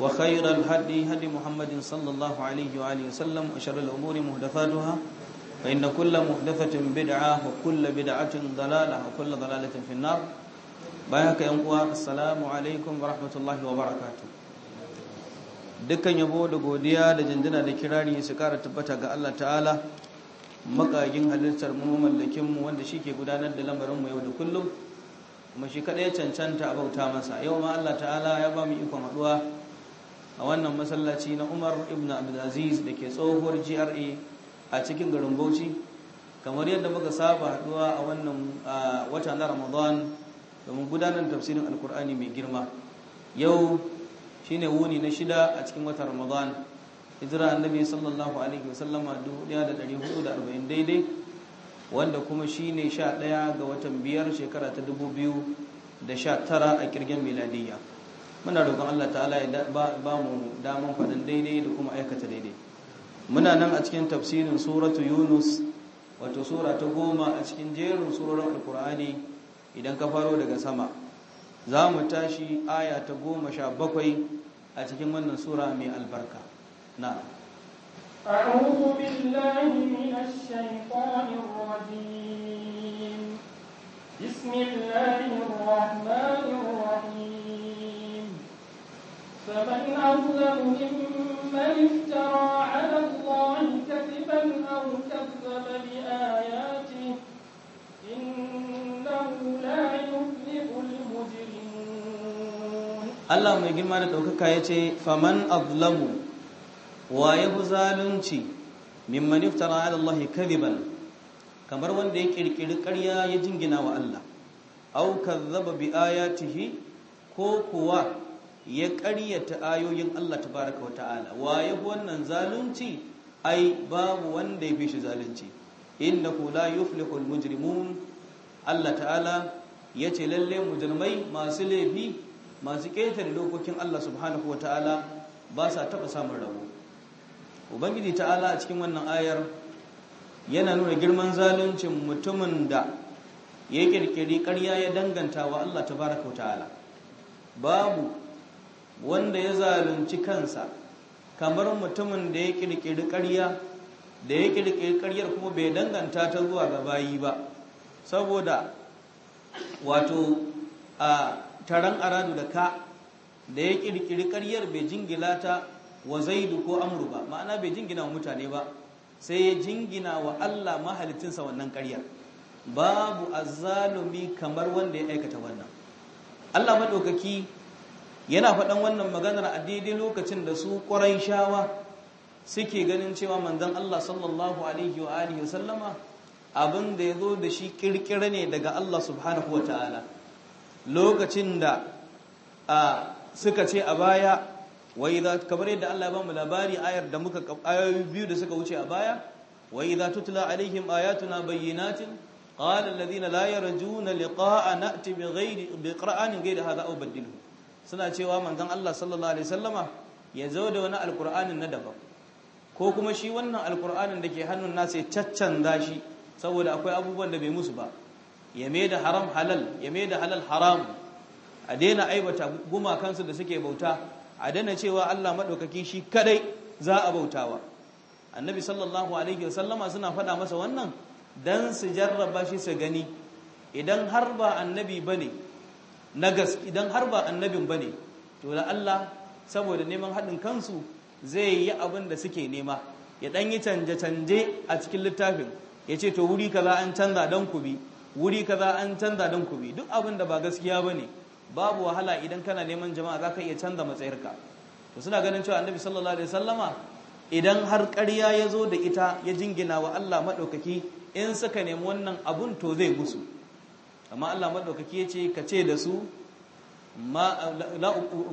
وخير الهدي هدي محمد صلى الله عليه kulla وسلم وشر الأمور محدثاتها فإن كل محدثة بدعة وكل بدعة ضلالة وكل ضلالة في النار بايك ينقوا السلام عليكم ورحمة الله وبركاته dukkan yabo da godiya da jinjina da kirari su kara tabbata ga Allah ta'ala makagin halittar mu mallakin mu wanda shike gudanar da lamarin mu yau da kullum kuma shi kadai cancanta a bauta masa yau ma Allah ta'ala ya ba mu ikon haduwa a wannan masallaci na Umar ibn Abdulaziz da ke tsohuwar GRA a cikin garin Bauchi kamar yadda muka saba haduwa a wannan wata na Ramadan domin gudanar tafsirin Alkur'ani mai girma yau shine wuni na shida a cikin watan Ramadan hijira annabi sallallahu alaihi wasallama 1440 daidai wanda kuma shine 11 ga watan biyar shekara ta 2019 a kirgen miladiyya muna roƙon Allah ta'ala ya ba mu daman faɗin daidai da kuma aikata daidai muna nan a cikin tafsirin suratu yunus wato sura ta goma a cikin jerin surorin alkur'ani idan ka faro daga sama za mu tashi aya ta goma sha bakwai a cikin wannan sura mai albarka na بسم الله الرحمن الرحيم فمن أظلم ممن افترى على الله كذبا أو كذب بآياته إنه لا يفلح المجرمون الله mai girma da ɗaukaka ya ce faman azlamu wa ya fi zalunci mimman iftara ala Allah kadiban kamar wanda ya kirkiri ƙarya ya jingina wa Allah au kazzaba bi ayatihi ko kuwa ya ƙaryata ayoyin Allah Ta baraka wata'ala waye wannan zalunci ai babu wanda ya fi shi zalunci innahu la yuflihu almujrimun Allah ta'ala ya ce lalle mujrimai masu laifi masu ƙetare lokokin Allah subhanahu wata'ala ba sa taɓa samun rabo ubangiji ta'ala a cikin wannan ayar yana nuna girman zaluncin mutumin da ya ƙirƙiri ƙarya ya danganta wa Allah Ta baraka wata'ala babu wanda ya zalunci kansa kamar mutumin da ya kirkiri ƙarya da ya kirkiri ƙaryar kuma bai danganta ta zuwa ga bayi ba saboda wato a taron aradu da ka da ya kirkiri ƙaryar bai jingila ta wa zaidu ko amru ba ma'ana bai jingina wa mutane ba sai ya jingina wa Allah mahalicinsa wannan ƙaryar babu azzalumi kamar wanda ya aikata wannan Allah maɗaukaki yana faɗan wannan maganar a daidai lokacin da su ƙwarai shawa suke ganin cewa manzon Allah sallallahu alaihi wa alihi wa sallama abin da ya zo da shi ƙirƙira ne daga Allah subhanahu wa ta'ala lokacin da suka ce a baya wai za kamar yadda Allah ya bamu labari ayar da muka ayoyi biyu da suka wuce a baya wai za tutla alaihim ayatuna bayyinatin qala alladhina la yarjuna liqa'a na'ti bi ghairi bi qur'anin ghairi hadha aw badilhu suna cewa manzon Allah sallallahu alaihi wasallama ya zo da wani alkur'anin na daban ko kuma shi wannan alkur'anin da ke hannun nasa ya caccanza shi saboda akwai abubuwan da bai musu ba ya da haram halal ya da halal haram a daina aibata gumakansu da suke bauta a daina cewa Allah maɗaukaki shi kadai za a bautawa annabi sallallahu alaihi wasallama suna faɗa masa wannan dan su jarraba shi su gani idan har ba annabi bane na gas idan har ba annabin bane to la Allah saboda neman haɗin kansu zai yi abin da suke nema ya dan yi canje canje a cikin littafin ya ce to wuri kaza an canza dan ku bi wuri kaza an canza dan ku bi duk abin da ba gaskiya bane babu wahala idan kana neman jama'a zaka iya canza matsayarka to suna ganin cewa annabi sallallahu alaihi wasallama idan har ƙarya ya zo da ita ya jingina wa Allah madaukaki in suka nemi wannan abun to zai gusu amma Allah madaukaki ya ce ka ce da su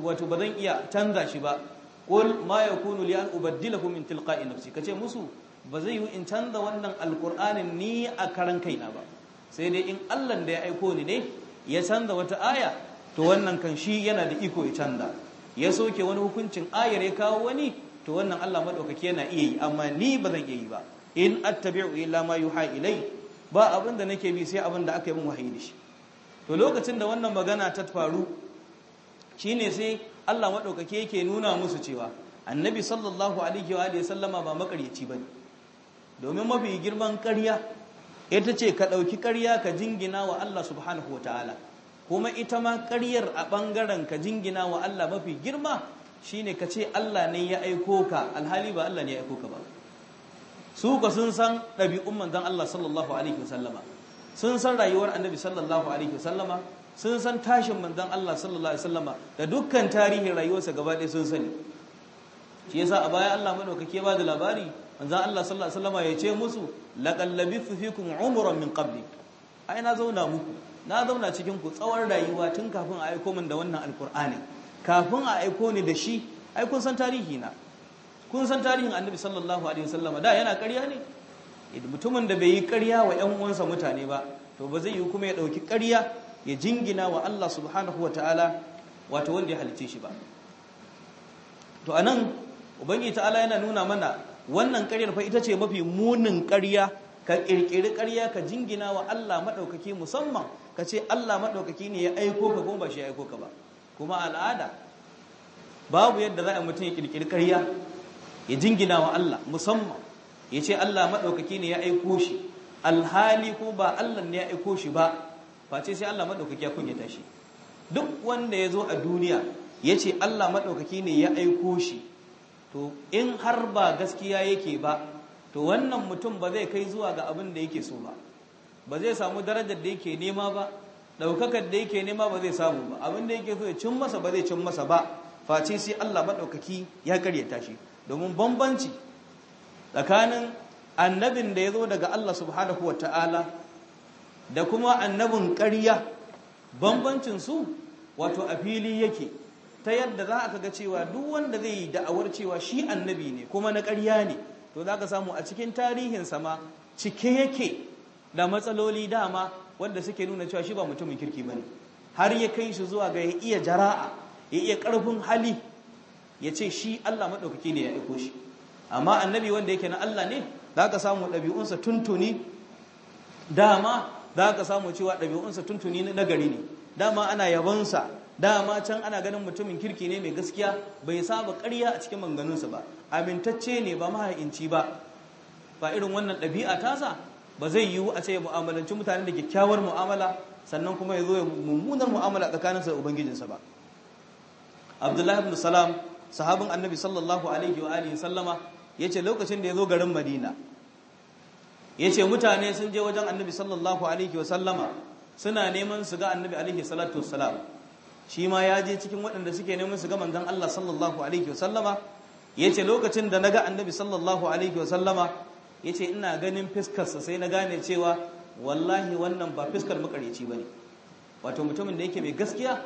wato ba zan iya canza shi ba qul ma yakunu li an ubaddilahu min tilqa'i nafsi ka ce musu ba zai yi in canza wannan alqur'anin ni a karan kaina ba sai dai in Allah da ya aiko ni ne ya canza wata aya to wannan kan shi yana da iko ya canza ya soke wani hukuncin ayar ya kawo wani to wannan Allah madaukaki yana iya yi amma ni ba zan iya yi ba in attabi'u illa ma yuha ilayhi ba abin da nake bi sai abin da aka yi min wahayi da shi to lokacin da wannan magana ta faru shine sai Allah madaukake yake nuna musu cewa annabi sallallahu alaihi wa alihi sallama ba makaryaci bane domin mafi girman ƙarya ita ce ka dauki ƙarya ka jingina wa Allah subhanahu wataala kuma ita ma ƙaryar a bangaren ka jingina wa Allah mafi girma shine ka ce Allah ne ya aiko ka alhali ba Allah ne ya aiko ka ba su ka sun san ɗabi'un manzan Allah sallallahu alaihi wasallama sun san rayuwar annabi sallallahu alaihi wasallama sun san tashin manzan Allah sallallahu alaihi wasallama da dukkan tarihin rayuwarsa gaba ɗaya sun sani shi yasa a baya Allah madaukake ba da labari manzan Allah sallallahu alaihi wasallama ya ce musu laqad labithu fikum umran min qabli ai na zauna muku na zauna cikin ku tsawon rayuwa tun kafin a aiko min da wannan alkur'ani kafin a aiko ni da shi ai kun san tarihi na kun san tarihin annabi sallallahu alaihi wasallama da yana ƙarya ne mutumin da bai yi ƙarya wa ƴan uwansa mutane ba to ba zai yi kuma ya ɗauki ƙarya ya jingina wa Allah subhanahu wataala wato wanda ya halice shi ba to anan ubangiji ta'ala yana nuna mana wannan ƙaryar fa ita ce mafi munin ƙarya ka kirkiri ƙarya ka jingina wa Allah maɗaukaki musamman ka ce Allah maɗaukaki ne ya aiko ka kuma ba shi ya aiko ka ba kuma al'ada babu yadda za a mutum ya kirkiri ƙarya ya jingina wa Allah musamman ya ce Allah maɗaukaki ne ya aiko shi alhali ko ba Allah ne ya aiko shi ba face sai Allah maɗaukaki ya kunyata shi duk wanda ya zo a duniya ya ce Allah maɗaukaki ne ya aiko shi to in har ba gaskiya yake ba to wannan mutum ba zai kai zuwa ga abin da yake so ba ba zai samu darajar da yake nema ba ɗaukakar da yake nema ba zai samu ba abin da yake so ya cin masa ba zai cin masa ba face sai Allah maɗaukaki ya karyata shi domin bambanci tsakanin annabin da ya zo daga Allah subhanahu wa ta'ala da kuma annabin ƙarya bambancin su wato a fili yake ta yadda za a ga cewa duk wanda zai yi da'awar cewa shi annabi ne kuma na ƙarya ne to za ka samu a cikin tarihin sama cike yake da matsaloli dama wanda suke nuna cewa shi ba mutumin kirki ba ne har ya kai shi zuwa ga ya iya jara'a ya iya ƙarfin hali ya ce shi Allah maɗaukaki ne ya iko shi amma annabi wanda yake na Allah ne za ka samu ɗabi'unsa tuntuni dama za ka samu cewa ɗabi'unsa tuntuni na gari ne dama ana yabonsa dama can ana ganin mutumin kirki ne mai gaskiya bai saba karya a cikin manganunsa ba amintacce ne ba maha'inci ba ba irin wannan ɗabi'a tasa ba zai yiwu a ce mu'amalanci mutane da kyakkyawar mu'amala sannan kuma ya zo ya mummunar mu'amala tsakaninsa da ubangijinsa ba abdullahi ibn salam sahabin annabi sallallahu alaihi wa alihi sallama yace lokacin da ya zo garin Madina yace mutane sun je wajen annabi sallallahu alaihi wa sallama suna neman su ga annabi alaihi salatu wassalam shi ma ya je cikin waɗanda suke neman su ga manzon Allah sallallahu alaihi wa sallama yace lokacin da naga annabi sallallahu alaihi wa sallama yace ina ganin fiskarsa sai na gane cewa wallahi wannan ba fiskar makareci ne wato mutumin da yake mai gaskiya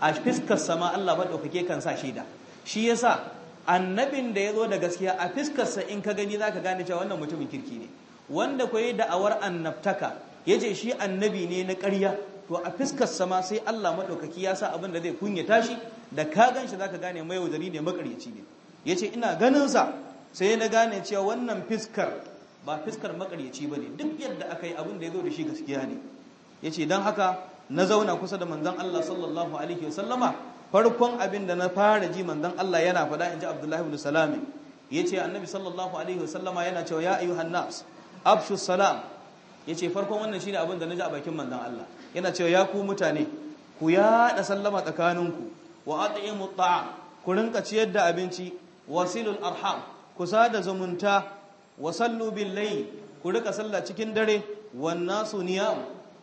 a fiskar sama Allah ba ɗaukake kan sa shaida shi yasa annabin da ya zo da gaskiya a fiskarsa in ka gani zaka gane cewa wannan mutumin kirki ne wanda ko yi da'awar annabtaka ya yace shi annabi ne na karya, to a fiskarsa ma sai Allah maɗaukaki ya sa abin da zai kunyata shi da ka ganshi shi zaka gane mai wajari ne makaryaci ne yace ina ganin sa sai na gane cewa wannan fiskar ba fiskar makaryaci ne. duk yadda aka yi abin da ya zo da shi gaskiya ne yace dan haka na zauna kusa da manzon Allah sallallahu alaihi wasallama farkon abin da na fara ji manzon Allah yana faɗa inji Abdullahi ibn Salami yace annabi sallallahu alaihi wasallama yana cewa ya ayyuhan nas abshu salam yace farkon wannan shine abin da naji a bakin manzon Allah yana cewa ya ku mutane ku yada sallama tsakaninku wa at'imu ta'am ku rinka ciyar da abinci wasilul arham ku sada zumunta wa sallu bil layl ku rika sallah cikin dare wan nasu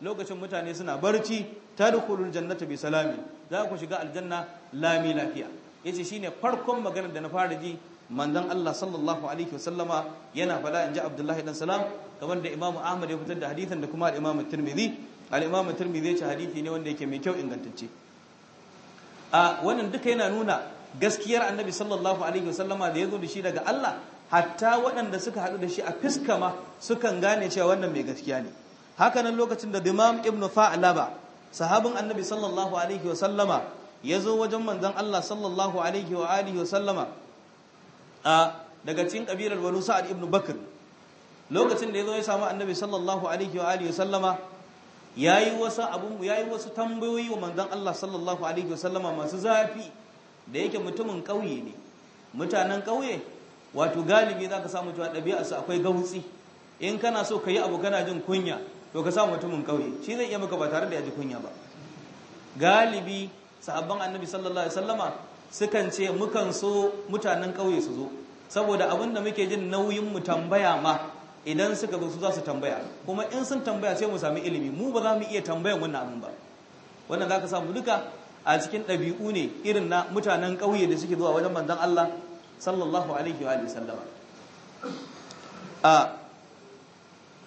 lokacin mutane suna barci tadkhulul jannata bi salamin za ku shiga aljanna lami lafiya yace shine farkon maganar da na fara ji manzon Allah sallallahu alaihi wasallama yana fada inji Abdullahi dan Salam kamar da Imam Ahmad ya fitar da hadisin da kuma Imam Tirmidhi al-Imam Tirmidhi yace hadisi ne wanda yake mai kyau ingantacce a wannan duka yana nuna gaskiyar Annabi sallallahu alaihi wasallama da yazo da shi daga Allah hatta waɗanda suka haɗu da shi a fiska ma sukan gane cewa wannan mai gaskiya ne Hakanan lokacin da Imam Ibn Fa'laba sahabin annabi sallallahu alaihi wa sallama ya zo wajen manzon Allah sallallahu alaihi wa alihi wa sallama a daga cikin kabilar Banu Sa'ad ibn Bakr lokacin da ya zo ya samu annabi sallallahu alaihi wa alihi wa sallama yayi wasu abun yayi wasu tambayoyi wa manzon Allah sallallahu alaihi wa sallama masu zafi da yake mutumin kauye ne mutanen kauye wato galibi zaka samu cewa ɗabi'arsu akwai gautsi in kana so ka yi abu kana jin kunya to ka samu mutumin kauye shi zai iya maka ba tare da ya ji kunya ba galibi sahabban annabi sallallahu alaihi wasallama sukan ce mukan so mutanen kauye su zo saboda abin da muke jin nauyin mu tambaya ma idan suka zo su za su tambaya kuma in sun tambaya sai mu sami ilimi mu ba za mu iya tambayan wannan abin ba wannan zaka samu duka a cikin ɗabi'u ne irin na mutanen kauye da suke zuwa wajen manzon Allah sallallahu alaihi wa sallama a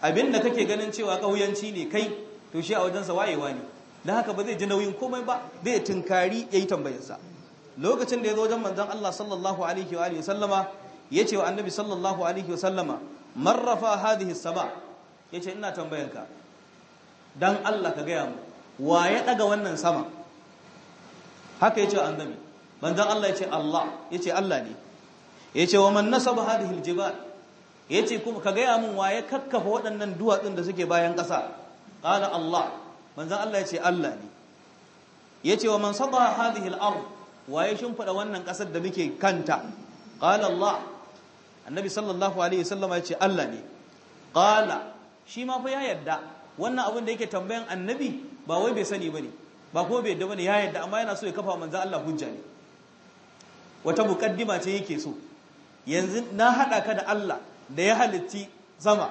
abin da kake ganin cewa ƙauyanci ne kai to shi a wajensa wayewa ne don haka ba zai ji nauyin komai ba zai tunkari ya yi tambayarsa lokacin da ya zo wajen manzan Allah sallallahu alaihi wa sallama ya ce wa annabi sallallahu alaihi wa sallama marrafa hadhihi sama ya ce ina tambayanka Dan Allah ka gaya mu wa ya ɗaga wannan sama haka ya ce wa annabi manzan Allah ya ce Allah ya ce Allah ne ya ce wa man nasaba hadhihi aljibal yace kuma ka gaya min waye kakkafa waɗannan duwatsun da suke bayan ƙasa ƙala Allah manzan Allah ya ce Allah ne ya ce wa man saba hadhihi al-ard waye shimfiɗa wannan ƙasar da muke kanta ƙala Allah annabi sallallahu alaihi wasallam ya ce Allah ne ƙala shi ma fa ya yadda wannan abin da yake tambayan annabi ba wai bai sani bane ba ko bai yadda bane ya yadda amma yana so ya kafa manzan Allah hujja ne wata muqaddima ce yake so yanzu na hada ka da Allah da ya halitti zama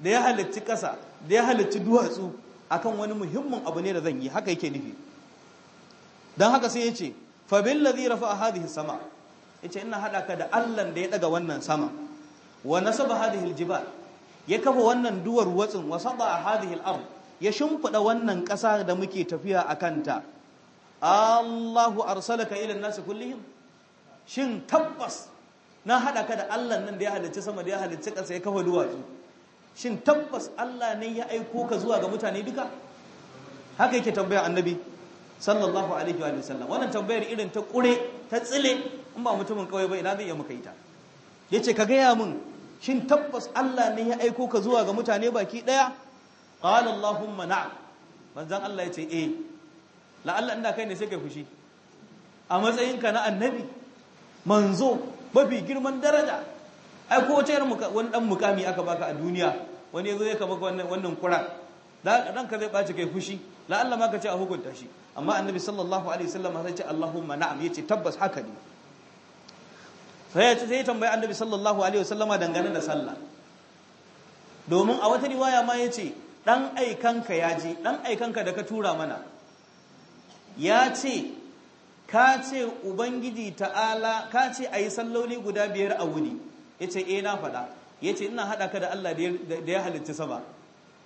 da ya halitti ƙasa da ya halitti duwatsu akan wani muhimmin abu ne da zan yi haka yake nufi don haka sai ya ce fa a hadhihi sama ce ina haɗa ka da Allah da ya ɗaga wannan sama wa nasaba hadhihi aljibal ya kafa wannan duwar watsin wa a hadhihi al ya shimfiɗa wannan ƙasa da muke tafiya akan ta Allahu arsalaka ka ilin nasu kullihim shin tabbas na haɗa ka da Allah nan da ya halicci sama da ya halicci ƙasa ya kafa duwatsu shin tabbas Allah ne ya aiko ka zuwa ga mutane duka haka yake tambayar annabi sallallahu alaihi wa sallam wannan tambayar irin ta kure ta tsile in ba mutumin kawai ba ina zai iya muka ita yace ka gaya min shin tabbas Allah ne ya aiko ka zuwa ga mutane baki daya qala allahumma na'am manzon Allah yace eh la Allah inda kai ne sai kai fushi a matsayinka na annabi manzo mafi girman daraja ai ko wace wani dan mukami aka baka a duniya wani yazo ya kaba wannan wannan kuran da ranka zai baci kai fushi la Allah ma ka ce a hukunta shi amma annabi sallallahu alaihi wasallam sai ce Allahumma na'am yace tabbas haka ne sai sai tambayi annabi sallallahu alaihi wasallama dangane da sallah domin a wata riwaya ma yace dan aikanka yaji dan aikanka da ka tura mana ya ce ka ce ubangiji ta'ala ka ce a yi salloli guda biyar a wuni ce eh na faɗa ce ina haɗa ka da Allah da ya halicci sama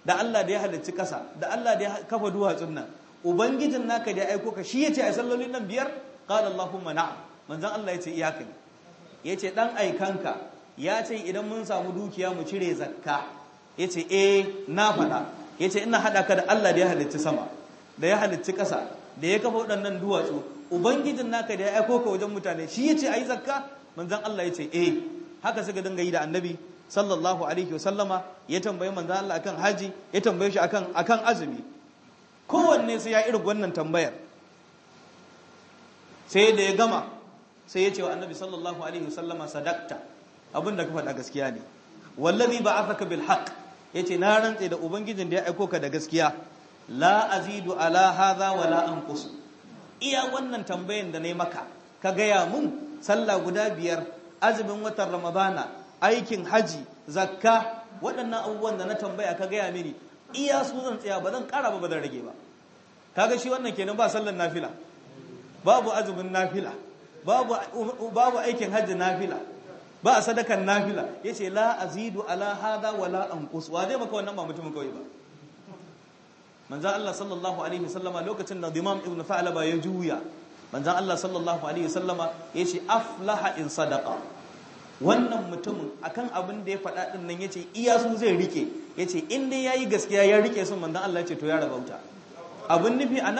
da Allah da ya halicci ƙasa da Allah da ya kafa duwatsun nan ubangijin naka da ya aiko ka shi ya ce a yi salloli nan biyar qala allahumma na'am manzan Allah yace Ya ce dan aikanka ya ce idan mun samu dukiya mu cire zakka ce e na faɗa ya ce ina haɗa ka da Allah da ya halicci sama da ya halicci ƙasa da ya kafa waɗannan duwatsu ubangijin naka da ya aiko ka wajen mutane shi yace ayi zakka manzon Allah yace eh haka suka dinga yi da annabi sallallahu alaihi wasallama ya tambaye manzon Allah akan haji ya tambaye shi akan akan azumi kowanne sai ya irin wannan tambayar sai da ya gama sai yace wa annabi sallallahu alaihi wasallama sadaqta abinda ka faɗa gaskiya ne wallazi ba'athaka bil haqq yace na rantse da ubangijin da ya aiko ka da gaskiya la azidu ala hadha wala anqusu iya wannan tambayan da na maka ka gaya mun sallah guda biyar azumin watan ramadana aikin haji zakka waɗannan abubuwan da na tambaya ka gaya mini iya su zan tsaya ba zan ƙara ba ba zan rage ba kaga shi wannan kenan ba sallan nafila babu azumin nafila babu babu aikin haji nafila ba sadakan nafila yace la azidu ala hada wala anqus wa zai maka wannan ba mutum kawai ba manzan Allah sallallahu alaihi wasallama lokacin da dimam Ibn Fa'laba ya juya manzan Allah sallallahu alaihi wasallama ce aflaha in sadaka. wannan mutumin akan abin da ya faɗa ɗin nan yace iya su zai rike yace inda ya yayi gaskiya ya rike sun manzan Allah ce to ya rabauta abin nufi a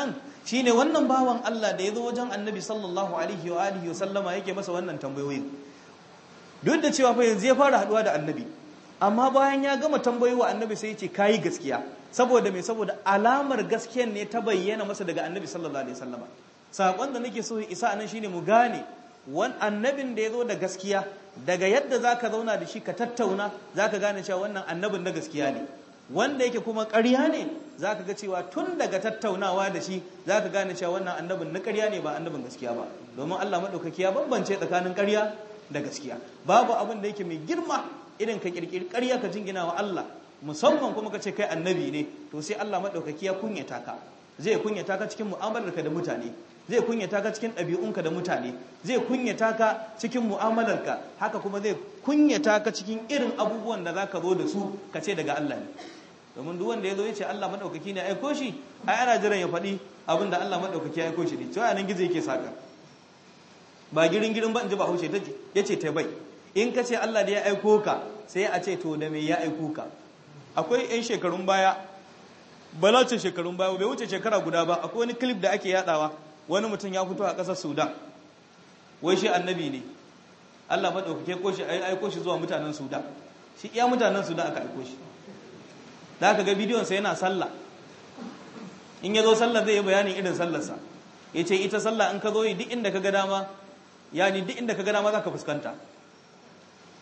shi ne wannan bawan Allah da ya zo wajen Annabi sallallahu alaihi wasallama yake masa wannan tambayoyin duk da cewa fa yanzu ya fara haɗuwa da Annabi amma bayan ya gama tambayoyi wa Annabi sai ya yace yi gaskiya saboda mai saboda alamar gaskiyar ne ta bayyana masa daga annabi sallallahu alaihi wasallama sakon da nake so isa anan shine mu gane wan annabin da ya zo da gaskiya daga yadda zaka zauna da shi ka tattauna zaka gane cewa wannan annabin na gaskiya ne wanda yake kuma ƙarya ne zaka ga cewa tun daga tattaunawa da shi zaka gane cewa wannan annabin na ƙarya ne ba annabin gaskiya ba domin Allah madaukaki ya bambance tsakanin ƙarya da gaskiya babu abin da yake mai girma irin ka kirkiri ƙarya ka jingina wa Allah musamman kuma ka ce kai annabi ne to sai Allah madaukaki ya kunyata ka zai kunyata ka cikin mu'amalarka da mutane zai kunyata ka cikin ɗabi'unka da mutane zai kunyata ka cikin mu'amalarka haka kuma zai kunyata ka cikin irin abubuwan da zaka zo da su ka ce daga Allah ne domin duk wanda ya zo ya ce Allah madaukaki ne aiko shi ai ana jiran ya faɗi abinda Allah madaukaki ya aiko shi ne cewa nan gizo yake saka ba girin girin ba in ji ba haushe yace ta bai in ka ce Allah da ya aiko ka sai a ce to da me ya aiko ka akwai 'yan shekarun baya balacin shekarun baya bai wuce shekara guda ba akwai wani klip da ake yadawa wani mutum ya fito a ƙasar sudan wai shi annabi ne allah maɗaukake ko shi aiko shi zuwa mutanen sudan shi iya mutanen sudan aka aiko shi da aka ga bidiyonsa yana sallah in ya zo sallah zai yi bayanin irin sallarsa ya ce ita sallah in ka zo yi duk inda ka ga dama yani duk inda ka ga dama za ka fuskanta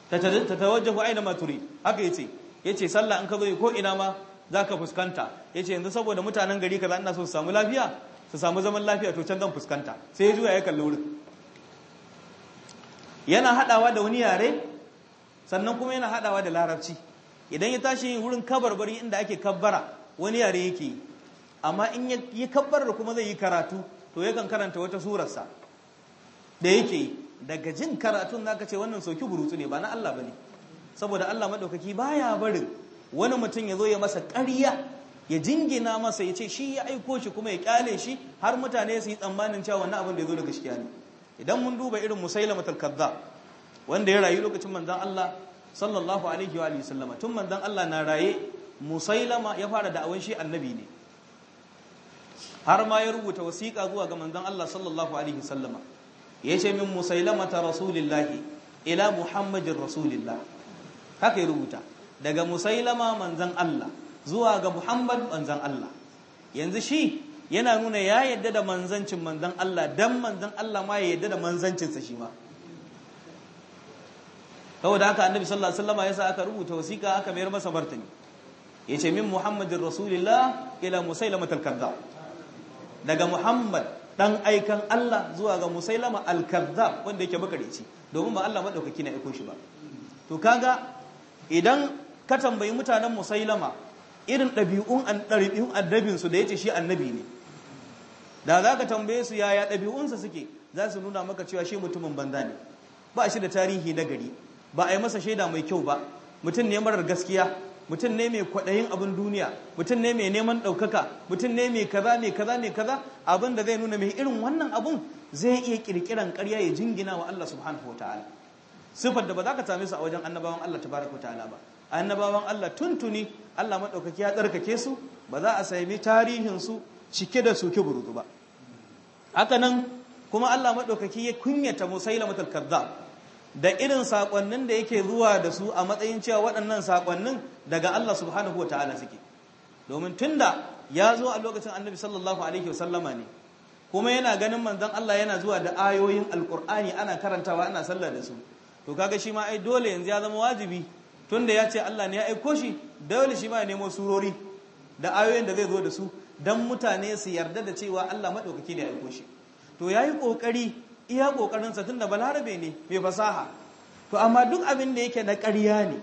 ta tawajjahu aina maturi haka ya ce yace sallah in ka zo ko ina ma zaka fuskanta yace yanzu saboda mutanen gari kaza ina so su samu lafiya su samu zaman lafiya to can zan fuskanta sai ya juya ya kalli wurin yana hadawa da wani yare sannan kuma yana hadawa da larabci idan ya tashi wurin kabarbari inda ake kabbara wani yare yake yi amma in ya da kuma zai yi karatu to yakan karanta wata surarsa da yake yi daga jin karatun zaka ce wannan sauki burutu ne ba na Allah bane saboda Allah maɗaukaki baya barin wani mutum ya zo ya masa ƙarya ya jingina masa ya ce shi ya aiko shi kuma ya kyale shi har mutane su yi tsammanin cewa wannan abin da ya zo da gaskiya ne idan mun duba irin musailama talkadda wanda ya rayu lokacin manzan Allah sallallahu alaihi wa sallama tun manzan Allah na raye musailama ya fara da'awan shi annabi ne har ma ya rubuta wasiƙa zuwa ga manzan Allah sallallahu alaihi sallama ya ce min musailama ta rasulillahi ila muhammadin rasulillah haka ya rubuta daga musailama manzan Allah zuwa ga muhammad manzan Allah yanzu shi yana nuna ya yadda da manzancin manzan Allah dan manzan Allah ma ya yadda da manzancinsa shi ma saboda haka annabi sallallahu alaihi wasallam yasa aka rubuta wasiƙa aka mayar masa martani yace min muhammadin rasulillah ila musailama al daga muhammad dan aikan Allah zuwa ga musailama al-kadhdhab wanda yake bakarici domin ba Allah madaukaki na aikon shi ba to kaga idan ka tambayi mutanen musailama irin ɗabi'un annabinsu da ya ce shi annabi ne da za ka tambaye su yaya ɗabi'unsa suke za su nuna maka cewa shi mutumin banza ne ba shi da tarihi na gari ba a yi masa shaida mai kyau ba mutum ne marar gaskiya mutum ne mai kwaɗayin abin duniya mutum ne mai neman ɗaukaka mutum ne mai kaza mai kaza mai kaza abin da zai nuna mai irin wannan abun zai iya ƙirƙiran ƙarya ya jingina wa Allah subhanahu wa ta'ala sifar da ba za ka same su a wajen annabawan Allah ta tabaraka ta'ala ba annabawan Allah tuntuni Allah maɗaukaki ya tsarkake su ba za a sami tarihinsu cike da suke burudu ba haka nan kuma Allah maɗaukaki ya kunyata musailamatul kadhab da irin saƙonnin da yake zuwa da su a matsayin cewa waɗannan saƙonnin daga Allah subhanahu ta'ala suke domin tunda ya zo a lokacin annabi sallallahu alaihi wa sallama ne kuma yana ganin manzon Allah yana zuwa da ayoyin alkur'ani ana karantawa ana sallah da su to kaga shi ma ai dole yanzu ya zama wajibi tunda ya ce Allah ne ya aiko shi dole shi ma ya nemo surori da ayoyin da zai zo da su dan mutane su yarda da cewa Allah madaukaki ne ya aiko shi to yayi kokari iya kokarin sa tunda balarabe ne mai fasaha to amma duk abin da yake na ƙarya ne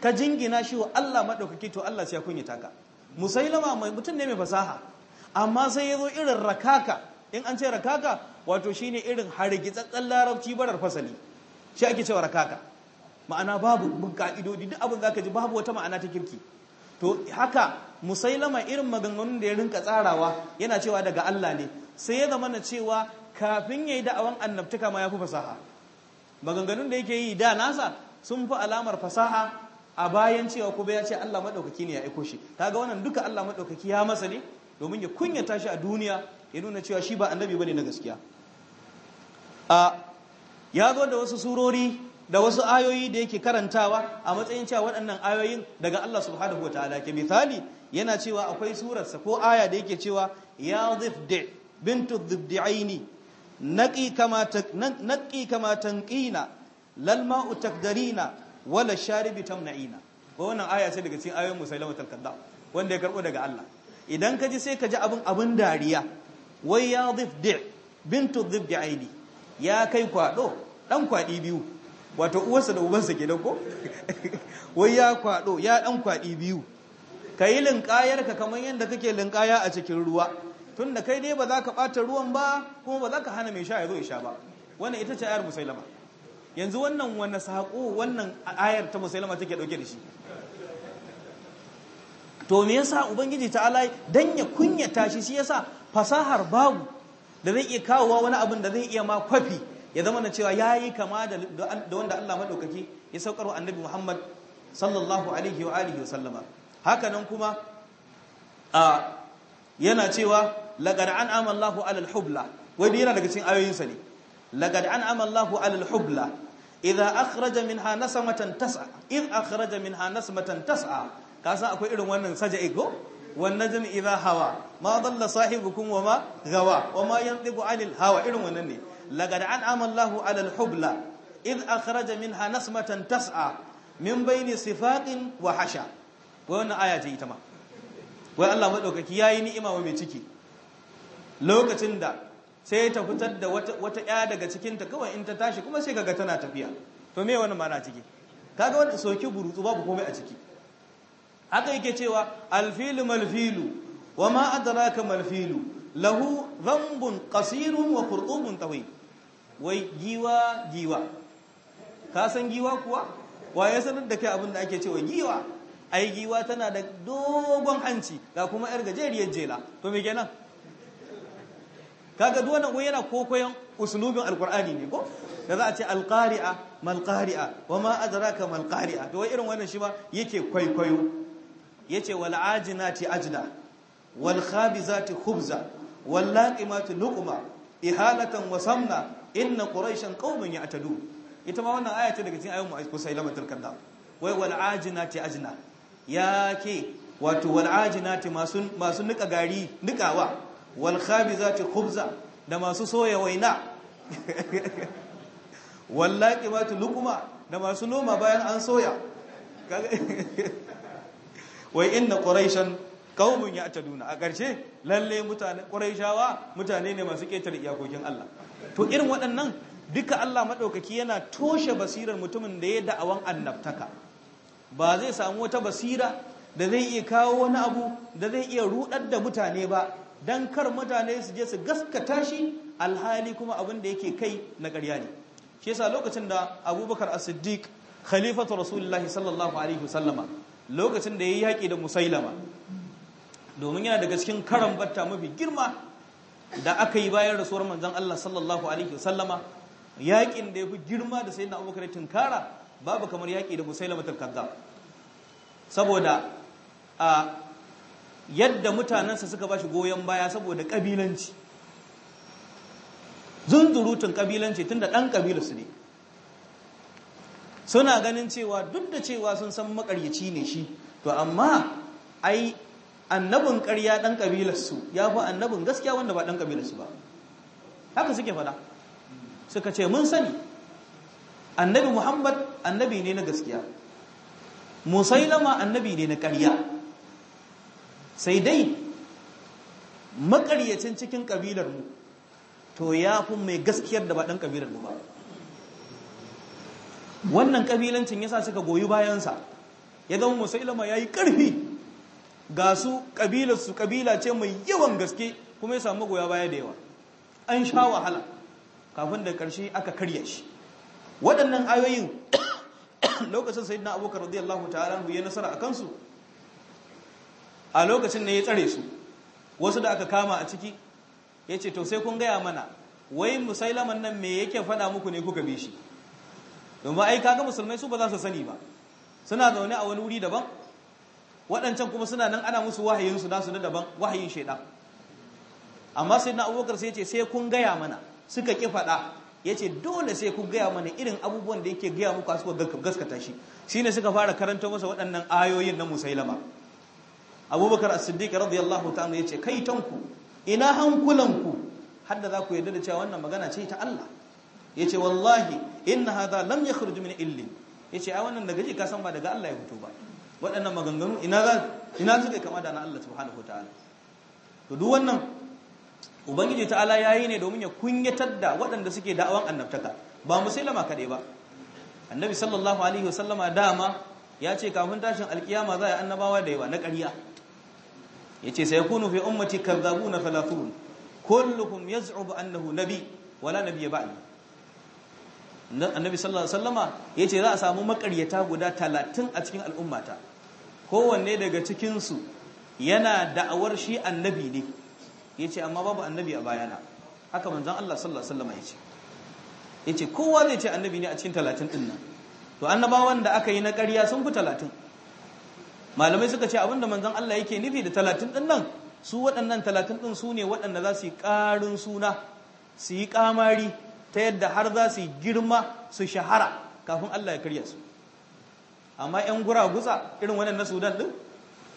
ka jingina shi wa Allah madaukaki to Allah sai ya kunyata ka musailama mai mutum ne mai fasaha amma sai ya zo irin rakaka in an ce rakaka wato shine irin harigitsatsen larabci barar fasali shi ake cewa rakaka ma'ana babu bin ka'idodi duk abin zaka ji babu wata ma'ana ta kirki to haka musailama irin maganganun da ya rinka tsarawa yana cewa daga Allah ne sai ya zama na cewa kafin yayi da'awan annabtaka ma fi fasaha maganganun da yake yi da nasa sun fi alamar fasaha a bayan cewa kuma ya ce Allah madaukaki ne ya aiko shi kaga wannan duka Allah madaukaki ya masa ne domin ya kunyata shi a duniya ya nuna cewa shi ba annabi bane na gaskiya ya zo da wasu surori da wasu ayoyi da yake karantawa a matsayin cewa waɗannan ayoyin daga Allah subhanahu wa ta'ala ke misali yana cewa akwai surarsa ko aya da yake cewa ya zifdi bintu zifdi'aini naqi kama naqi kama tanqina wala sharibi tamna'ina wannan aya ce daga cikin ayoyin musailamatul kadda wanda ya karɓo daga Allah idan ka ji sai ka ji abin abin dariya wai ya zifdi bintu zifdi'aini ya kai kwado dan kwadi biyu wato uwarsa da ubansa ke ko wai ya kwado ya dan kwadi biyu kai linkayar ka kamar yanda kake linkaya a cikin ruwa tunda kai dai ba za ka bata ruwan ba kuma ba za ka hana mai sha ya zo ya sha ba wannan ita ce ayar musailama yanzu wannan wannan sako wannan ayar ta musailama take dauke da shi to me yasa ubangiji ta'ala dan ya kunyata shi shi yasa fasahar babu da zai iya kawowa wani abin da zai iya ma kwafi ya zama na cewa ya yi kama da wanda Allah madaukaki ya saukar wa annabi Muhammad sallallahu alaihi wa alihi wasallama hakanan kuma yana cewa laqad an'ama Allahu 'alal hubla wai yana daga cikin ayoyinsa ne, ne laqad an'ama Allahu 'alal hubla idza akhraja minha matan tas'a id akhraja minha matan tas'a kasa akwai irin wannan saja'i go wan najm idha hawa ma dalla sahibukum wa ma gawa wa ma anil hawa irin wannan ne laqad an'ama Allahu 'ala al-hubla id akhraja minha nasmatan tas'a min bayni sifatin wa hasha wai wannan aya ce ita ma wai Allah madaukaki yayi ni'ima wa mai ciki lokacin da sai ta fitar da wata ya daga cikin ta kawai in ta tashi kuma sai kaga tana tafiya to me wannan mana ciki kaga wannan soki burutsu babu komai a ciki haka yake cewa alfilu malfilu wa ma adraka malfilu lahu dhanbun qasirun wa qurtubun tawil wai giwa giwa ka san giwa kuwa waye sanar da kai abin da ake cewa giwa ai giwa tana da dogon hanci ga kuma yar gajeriyar jela to me kenan kaga duk wannan yana kokoyan uslubin alqur'ani ne ko da za a ce alqari'a malqari'a wama adraka malqari'a to wai irin wannan shi ba yake kwaikwayo yace wal ajinati ajna wal khabizati khubza wal laqimati luqma ihalatan wa samna inna quraishan ya ya'tadu ita ma wannan aya ce daga cikin ayoyin mu'ayyiz sai lamatul kadda wai wal ajinati ajna yake wato wal ajinati masu masu nika gari nikawa wal khabizati khubza da masu soya waina wal laqimati luqma da masu noma bayan an soya wai inna quraishan qaumun ya'taduna a ƙarshe lalle mutane quraishawa mutane ne masu ƙetar iyakokin Allah to irin waɗannan duka Allah madaukaki yana toshe basirar mutumin da ya da'awan annabtaka ba zai samu wata basira da zai iya kawo wani abu da zai iya rudar da mutane ba dan kar mutane su je su gaskata shi alhali kuma abin da yake kai na ƙarya ne shi yasa lokacin da Abubakar As-Siddiq khalifatu Rasulullahi sallallahu alaihi wasallama lokacin da ya yi yaƙi da musailama domin yana daga cikin karan batta mafi girma da aka yi bayan rasuwar manzan Allah sallallahu alaihi wasallama yaƙin da ya fi girma da sai na abubakar ya tunkara babu kamar yaƙi da musailama talkazzab saboda a yadda mutanensa suka ba shi goyon baya saboda ƙabilanci zunzurutun ƙabilanci tun da ɗan ƙabilarsu ne suna ganin cewa duk da cewa sun san makaryaci ne shi to amma ai annabin ƙarya ɗan ƙabilarsu ya fi annabin gaskiya wanda ba ɗan ƙabilarsu ba haka suke faɗa suka ce mun sani annabi muhammad annabi ne na gaskiya musailama annabi ne na karya. sai dai makaryacin cikin ƙabilarmu to ya fi mai gaskiyar da ba ɗan ƙabilarmu ba wannan kabilancin yasa suka goyi bayansa ya zama musailama ya yi ƙarfi ga su ƙabilarsu ƙabila ce mai yawan gaske kuma ya samu goya baya da yawa an sha wahala kafin da ƙarshe aka karya shi waɗannan ayoyin lokacin sai na abokan radiyallahu ta'ala ya nasara a kansu a lokacin ne ya tsare su wasu da aka kama a ciki ya ce to sai kun gaya mana wai musailaman nan me yake faɗa muku ne kuka bi shi domin ai kaga musulmai su ba za su sani ba suna zaune a wani wuri daban waɗancan kuma suna nan ana musu wahayin su nasu na daban wahayin shaidan amma sai na abubakar sai ce sai kun gaya mana suka ki faɗa yace dole sai kun gaya mana irin abubuwan da yake gaya muku suka gaskata shi shine suka fara karanta masa waɗannan ayoyin na musailama abubakar as-siddiq radiyallahu ta'ala ya ce kai tanku ina hankulanku har za ku yarda da cewa wannan magana ce ta Allah yace wallahi inna hadha lam yakhruj min illi yace ai wannan daga ji ka san ba daga Allah ya fito ba waɗannan maganganu ina za ina kama da na Allah subhanahu wataala to duk wannan ubangiji ta'ala yayi ne domin ya kunyatar da waɗanda suke da'awan annabtaka ba musulma kaɗai ba annabi sallallahu alaihi wasallama dama ya ce kafin tashin alkiyama za annabawa da yawa na ƙarya yace ce sai kunu fi ummati kazzabuna falathun kulluhum yaz'ubu annahu nabi wala nabiyya ba'da annabi sallallahu alaihi wasallama yace za a samu makaryata guda 30 a cikin al'ummata kowanne daga cikin su yana da'awar shi annabi ne yace amma babu annabi a bayana haka manzon Allah sallallahu alaihi wasallama yace yace kowa zai ce annabi ne a cikin 30 din nan to annabawan da aka yi na ƙarya sun fi 30 malamai suka ce abinda manzon Allah yake nufi da 30 din nan su waɗannan 30 din su ne waɗanda za su yi ƙarin suna su yi ƙamari ta yadda har za su girma su shahara kafin Allah ya karya su amma yan gusa irin wannan na Sudan din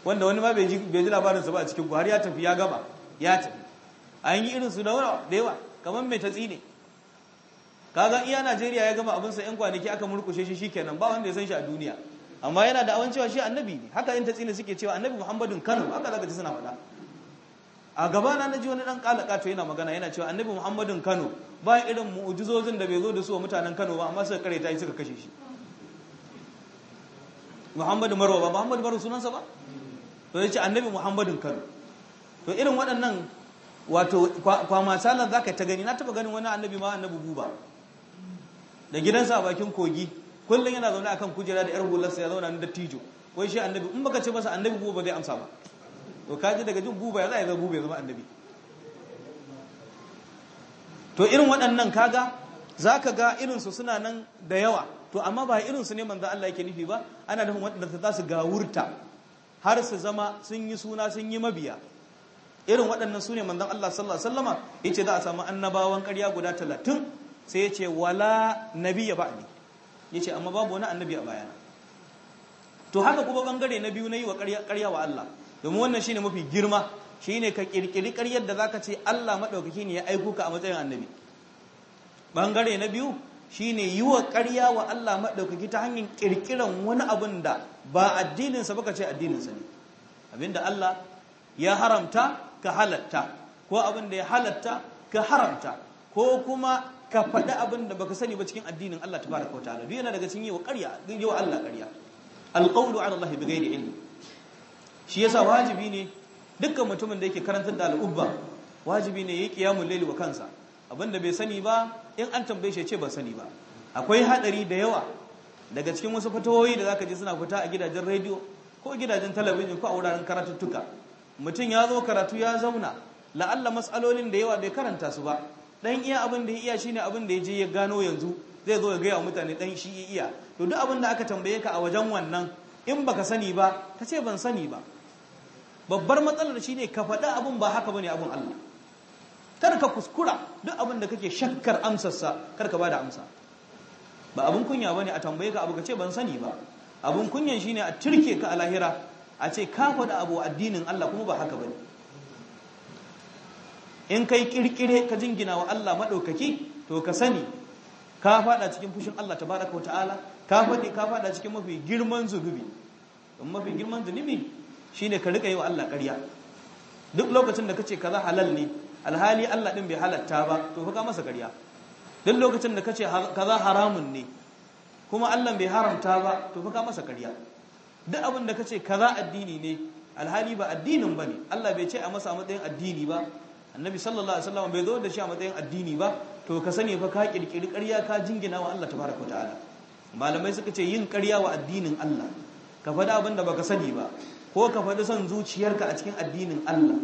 wanda wani ma bai ji labarin su ba a cikin Buhari ya tafi ya gaba ya tafi an yi irin su da yawa kamar mai tatsi ne kaga iya Najeriya ya gama abin sa yan kwanaki aka murkushe shi shikenan ba wanda ya san shi a duniya amma yana da awan cewa shi annabi ne haka in tatsi ne suke cewa annabi Muhammadun Kano haka zaka ji suna faɗa a gabana na ji wani dan kalaka to yana magana yana cewa annabi muhammadin kano ba irin mu'ujizozin da bai zo da su wa mutanen kano ba amma suka kare ta suka kashe shi muhammadu marwa ba muhammadu marwa sunansa ba to ya ce annabi muhammadin kano to irin waɗannan wato kwa masalan zaka ta gani na taɓa ganin wani annabi ma annabi buba da gidansa a bakin kogi kullum yana zaune akan kujera da yar hularsa ya zauna da tijo wai shi annabi in baka ce masa annabi buba ba zai amsa ba to kaji daga jin buba ya za a zama buba ya zama annabi to irin waɗannan kaga za ka ga irinsu suna nan da yawa to amma ba irinsu ne manzan Allah yake nufi ba ana nufin waɗanda za su gawurta har su zama sun yi suna sun yi mabiya irin waɗannan su ne manzan Allah sallallahu alaihi wasallama yace za a samu annabawan ƙarya guda talatin sai yace wala nabiyya ba'di yace amma babu wani annabi a bayana to haka kuma bangare na biyu na yi wa ƙarya wa Allah domin wannan shine mafi girma shine ka kirkiri ƙaryar da zaka ce Allah madaukaki ne ya aiko ka a matsayin annabi bangare na biyu shine yi wa ƙarya wa Allah madaukaki ta hanyar kirkiran wani abun da ba addinin sa baka ce addinin sa ne abinda Allah ya haramta ka halatta ko abin da ya halatta ka haramta ko kuma ka faɗi abin da baka sani ba cikin addinin Allah tabaraka wa ta'ala duk yana daga cikin yiwa ƙarya yi wa Allah ƙarya alqawlu ala Allah bighayri ilmi shi yasa wajibi ne dukkan mutumin da yake karantar da al'ubba wajibi ne ya yi kiyamun laili wa kansa abinda bai sani ba in an tambaye shi ce ba sani ba akwai hadari da yawa daga cikin wasu fatawoyi da zaka ji suna fita a gidajen radio ko gidajen talabijin ko a wuraren karatuttuka mutum ya zo karatu ya zauna la'alla matsalolin da yawa bai karanta su ba dan iya abin da ya iya shine abin da ya je ya gano yanzu zai zo ya gaya wa mutane dan shi ya iya to duk abin da aka tambaye ka a wajen wannan in baka sani ba kace ban sani ba babbar matsalar shine ka faɗa abun ba haka bane abun Allah kar ka kuskura duk abin da kake shakkar amsarsa kar ka da amsa ba abun kunya bane a tambaye ka abu ka ce ban sani ba abun kunyan shine a turke ka a lahira a ce ka faɗa abu addinin Allah kuma ba haka bane in kai kirkire ka jingina wa Allah madaukaki to ka sani ka faɗa cikin fushin Allah tabaraka wa ta'ala ka faɗi ka faɗa cikin mafi girman zunubi mafi girman zunubi Shi ne ka rika yi wa Allah ƙarya duk lokacin da kace kaza halal ne alhali Allah ɗin bai halatta ba to fa ka masa ƙarya duk lokacin da kace kaza haramun ne kuma Allah bai haramta ba to fa ka masa ƙarya duk abin da kace kaza addini ne alhali ba addinin bane Allah bai ce a masa matsayin addini ba annabi sallallahu alaihi wasallam bai zo da shi a matsayin addini ba to ka sani fa ka kirkiri ƙarya ka jingina wa Allah tabaraka ta'ala malamai suka ce yin ƙarya wa addinin Allah ka faɗa abin da baka sani ba ko ka faɗi son zuciyarka a cikin addinin Allah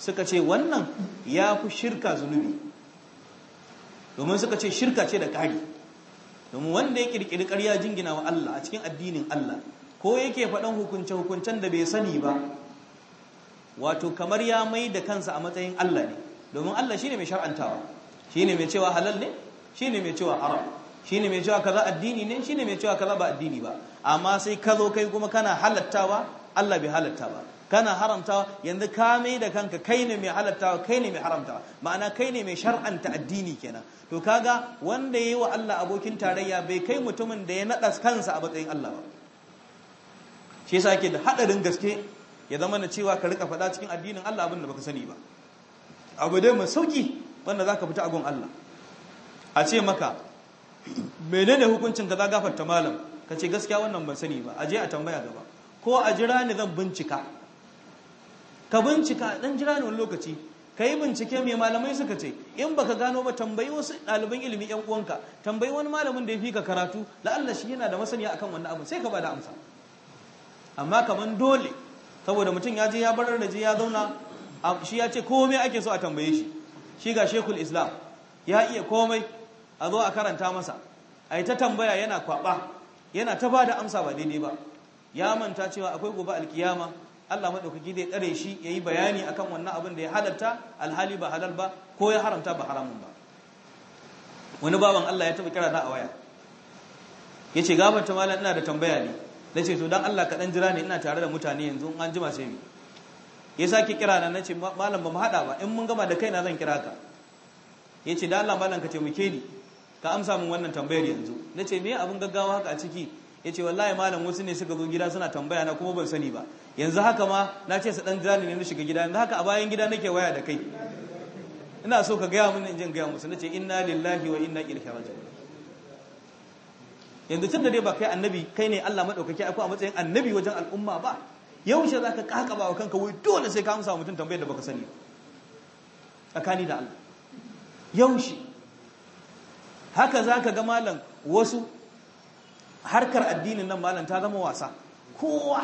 suka ce wannan ya fi shirka zunubi domin suka ce shirka ce da kari domin wanda ya ƙirƙiri ƙarya jingina wa Allah a cikin addinin Allah ko yake faɗan hukunce-hukuncen da bai sani ba wato kamar ya mai da kansa a matsayin Allah ne domin Allah shi ne mai shar'antawa shi ne mai cewa halal ne shi ne mai cewa haram ne mai cewa kaza addini ne shi ne mai cewa kaza ba addini ba amma sai ka zo kai kuma kana halattawa Allah bai halatta ba kana haramtawa yanzu ka mai da kanka kai ne mai halattawa kai ne mai haramtawa ma'ana kai ne mai shar'anta addini kenan to kaga wanda yayi wa Allah abokin tarayya bai kai mutumin da ya nada kansa a matsayin Allah ba shi yasa yake da hadarin gaske ya zama na cewa ka rika faɗa cikin addinin Allah abin da baka sani ba abu dai mai sauki wanda zaka fita agon Allah a ce maka menene hukuncin ka za gafarta malam kace gaskiya wannan ban sani ba aje a tambaya gaba ko a jira ni zan bincika ka bincika dan jira ni wani lokaci ka bincike mai malamai suka ce in baka gano ba tambayi wasu ɗaliban ilimi yan uwanka tambayi wani malamin da ya fi ka karatu la'alla shi yana da masaniya akan wannan abu sai ka bada amsa amma kaman dole saboda mutum ya je ya barar da je ya zauna shi ya ce komai ake so a tambaye shi shi ga shekul islam ya iya komai a zo a karanta masa a yi ta tambaya yana kwaba yana ta bada amsa ba daidai ba ya manta cewa akwai gobe alkiyama Allah madaukaki zai tsare shi yayi bayani akan wannan abin da ya halalta alhali ba halal ba ko ya haramta ba haramun ba wani baban Allah ya taba kira na a waya yace gaban ta mallan ina da tambaya ne nace to dan Allah ka dan jira ne ina tare da mutane yanzu an jima sai mi ya sake kira na nace mallan ba mu hada ba in mun gama da kaina zan kira ka yace dan Allah mallan ka taimake ni ka amsa min wannan tambayar yanzu nace me abin gaggawa haka a ciki ya ce wallahi malam wasu ne suka zo gida suna tambaya na kuma ban sani ba yanzu haka ma na ce su dan jani ne na shiga gida yanzu haka a bayan gida nake waya da kai ina so ka gaya mun in jin gaya musu nace inna lillahi wa inna ilaihi raji'un yanzu tun da dai ba kai annabi kai ne Allah madaukaki aiko a matsayin annabi wajen al'umma ba yaushe zaka kakaba wa kanka wai dole sai ka amsa mutum tambayar da baka sani tsakani da Allah yaushe haka zaka ga malam wasu harkar addinin nan malam ta zama wasa kowa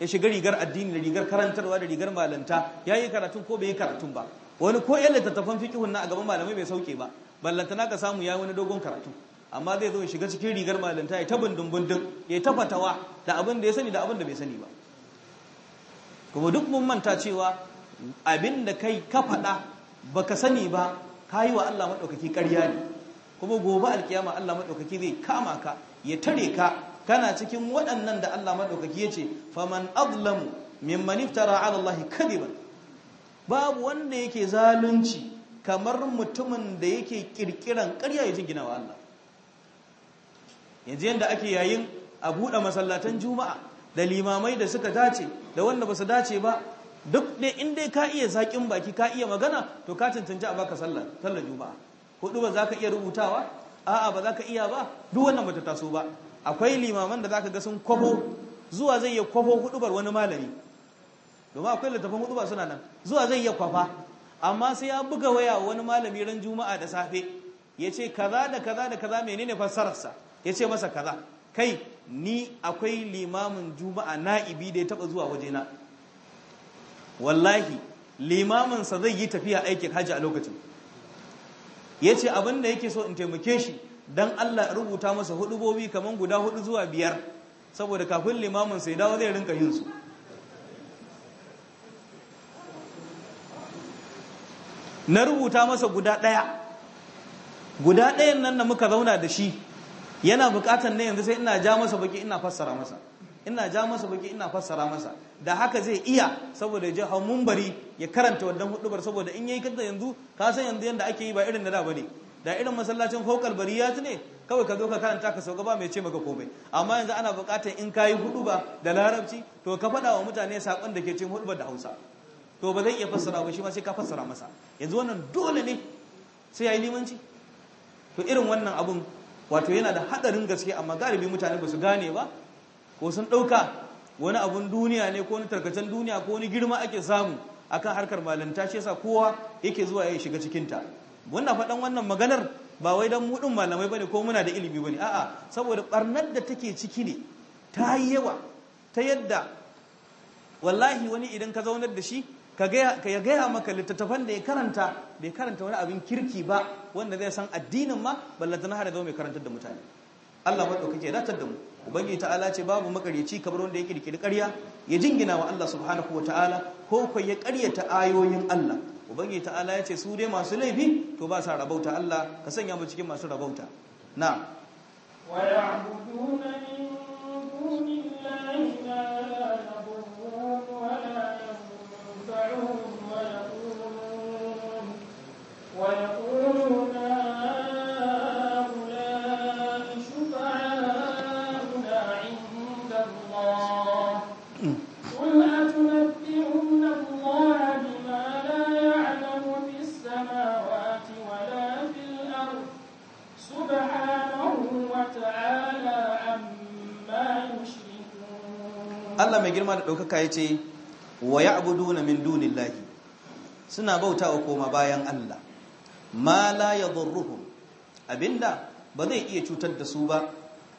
ya shiga rigar addini da rigar karantarwa da rigar malanta ya yi karatun ko bai yi karatun ba wani ko yan littattafan fikihun na a gaban malamai bai sauke ba na ka samu ya wani dogon karatu amma zai zo ya shiga cikin rigar malanta ya ta bundun bundun ya ta fatawa da abin da ya sani da abin da bai sani ba kuma duk mun manta cewa abin da kai ka faɗa baka sani ba ka yi wa Allah maɗaukaki ƙarya ne kuma gobe alkiyama Allah maɗaukaki zai kama ka ya tare ka kana cikin waɗannan da Allah ya yace faman azlamu mimman iftara ala Allah kadiban babu wanda yake zalunci kamar mutumin da yake kirkiran ƙarya ya jingina wa Allah yanzu yanda ake yayin a buɗe masallatan juma'a da limamai da suka dace da wanda ba su dace ba duk ne in dai ka iya zaƙin baki ka iya magana to ka cancanci a baka sallar juma'a hudu ba za ka iya rubutawa a'a ba za ka iya ba duk wannan ta taso ba akwai limaman da za ka ga sun kwabo zuwa zai iya kwabo hudubar wani malami domin akwai littafin huduba suna nan zuwa zai iya kwafa amma sai ya buga waya wani malami ran juma'a da safe ya ce kaza da kaza da kaza menene fassararsa ya ce masa kaza kai ni akwai limamin juma'a na'ibi da ya taba zuwa wajena wallahi limaminsa zai yi tafiya aikin hajji a lokacin ya ce abin da yake so in taimake shi don Allah rubuta masa hudubobi kamar guda hudu zuwa biyar saboda kafin limamin sai dawo zai rinka yin su na rubuta masa guda ɗaya guda ɗayan nan da muka zauna da shi yana bukatan na yanzu sai ina ja masa baki ina fassara masa ina ja masa baki ina fassara masa da haka zai iya saboda ji hau mumbari ya karanta wannan hudubar saboda in yayi kanta yanzu ka san yanzu yanda ake yi ba irin da da bane da irin masallacin fokal bariyat ne kawai ka zo ka karanta ka sauka ba mai ce maka komai amma yanzu ana buƙatar in kayi huduba da larabci to ka fada wa mutane sakon da ke cin huduba da Hausa to ba zai iya fassara ba shi ma sai ka fassara masa yanzu wannan dole ne sai yayi limanci to irin wannan abun wato yana da hadarin gaske amma galibi mutane ba su gane ba ko sun ɗauka wani abun duniya ne ko wani tarkacen duniya ko wani girma ake samu akan harkar malanta shi yasa kowa yake zuwa ya shiga cikinta wannan faɗan wannan maganar ba wai dan mu ɗin malamai bane ko muna da ilimi bane a'a saboda ɓarnar da take ciki ne ta yi yawa ta yadda wallahi wani idan ka zaunar da shi ka gaya maka littattafan da ya karanta bai karanta wani abin kirki ba wanda zai san addinin ma ballantana har da zama mai karantar da mutane Allah maɗaukake ya datar da mu ubangiji ta'ala ce babu makaryaci kamar wanda ya da ƙarya ya jingina wa Allah subhanahu wa ko kai ya ta ayoyin Allah ubangiji ta'ala ya ce su dai masu laifi to ba sa rabauta Allah ka sanya mu cikin masu rabauta na wa ya'buduna min dunillahi la girma da ɗaukaka ya ce wa ya abu na min lahi suna bauta wa koma bayan Allah ma la ya abinda ba zai iya cutar da su ba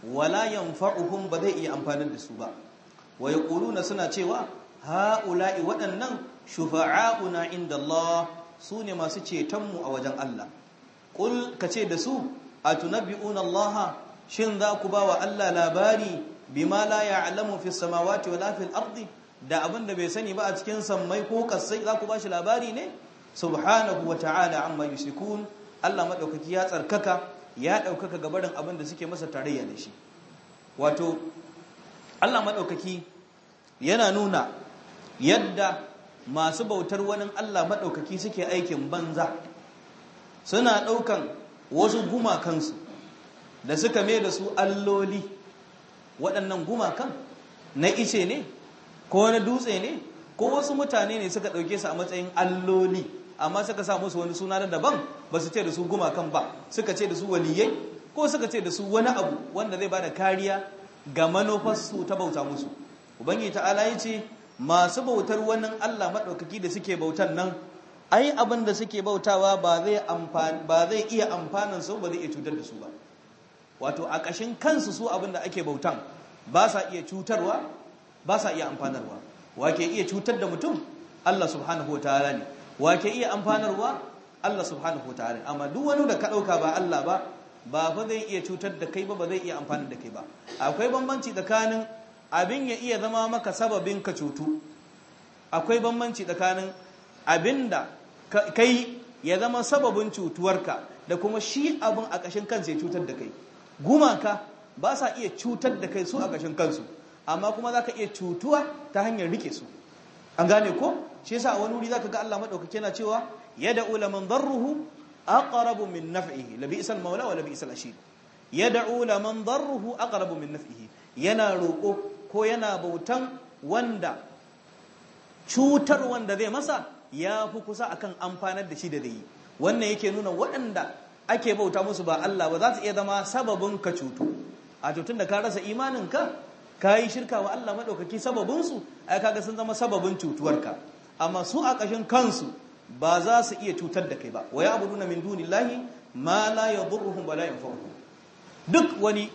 wala fa'uhun ba zai iya amfanar da su ba wa yaquluna suna cewa ha'ula'i waɗannan na inda Allah su ne masu cetonmu a wajen Allah ƙul ka ce da su a tunabbi’un Allah shin za ku ba wa Allah labari bima la ya'lamu fi samawati wala fil ardi da abin da bai sani ba a cikin sammai ko kasai za ku ba shi labari ne subhanahu wa ta'ala amma yushrikun Allah madaukaki ya tsarkaka ya daukaka gabarin abin da suke masa tarayya da shi wato Allah madaukaki yana nuna yadda masu bautar wani Allah madaukaki suke aikin banza suna daukan wasu gumakan su da suka mai da su alloli waɗannan gumakan na ice ne ko na dutse ne ko wasu mutane ne suka ɗauke su a matsayin alloli amma suka sa musu wani suna da daban ba su ce da su gumakan ba suka ce da su waliyai ko suka ce da su wani abu wanda zai ba da kariya ga manufarsu ta bauta musu ubangiji ta'ala ya ce masu bautar wannan Allah maɗaukaki da suke bautan nan ai abin da suke bautawa ba zai iya amfanin su ba zai iya cutar da su ba wato a ƙashin kansu su abin da ake bautan ba sa iya cutarwa ba sa iya amfanarwa wake iya cutar da mutum Allah subhanahu wa ta'ala ne wake iya amfanarwa Allah subhanahu wa ta'ala amma duk wani da ka ɗauka ba Allah ba ba fa zai iya cutar da kai ba ba zai iya amfanar da kai ba akwai bambanci tsakanin abin ya iya zama maka sababin ka cutu akwai bambanci tsakanin abinda kai ya zama sababin cutuwarka da kuma shi abin a ƙashin kansa ya cutar da kai gumaka ba sa iya cutar da kai su a kashin kansu amma kuma za ka iya cutuwa ta hanyar rike su an gane ko shi yasa a wani wuri za ka ga Allah maɗaukaki yana cewa yada ulaman darruhu aqrabu min naf'ihi labi al maula wa labi al ashid yada ulaman darruhu aqrabu min naf'ihi yana roko ko yana bautan wanda cutar wanda zai masa ya fi kusa akan amfanar da shi da zai wannan yake nuna waɗanda ake bauta musu ba Allah ba za su iya zama sababin ka cutu a cutun da ka rasa imanin ka ka yi shirka wa Allah maɗaukaki sababin su ai kaga sun zama sababin cutuwarka amma su a ƙashin kansu ba za su iya cutar da kai ba wa ya ya'buduna min dunillahi ma la yadurruhum wa la yanfa'uhum duk wani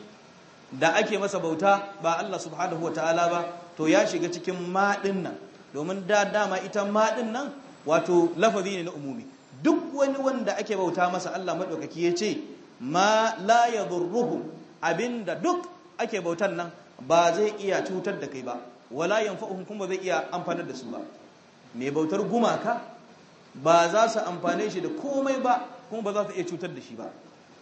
da ake masa bauta ba Allah subhanahu wataala ba to ya shiga cikin maɗin nan domin da dama ita maɗin nan wato lafazi ne na umumi duk wani wanda ake bauta masa Allah madaukaki ce ma la zurruhu abinda duk ake bautan nan ba zai iya cutar da kai ba wala yanfa'uhum kuma zai iya amfanar da su ba Me bautar gumaka ba za su amfane shi da komai ba kuma ba za su iya cutar da shi ba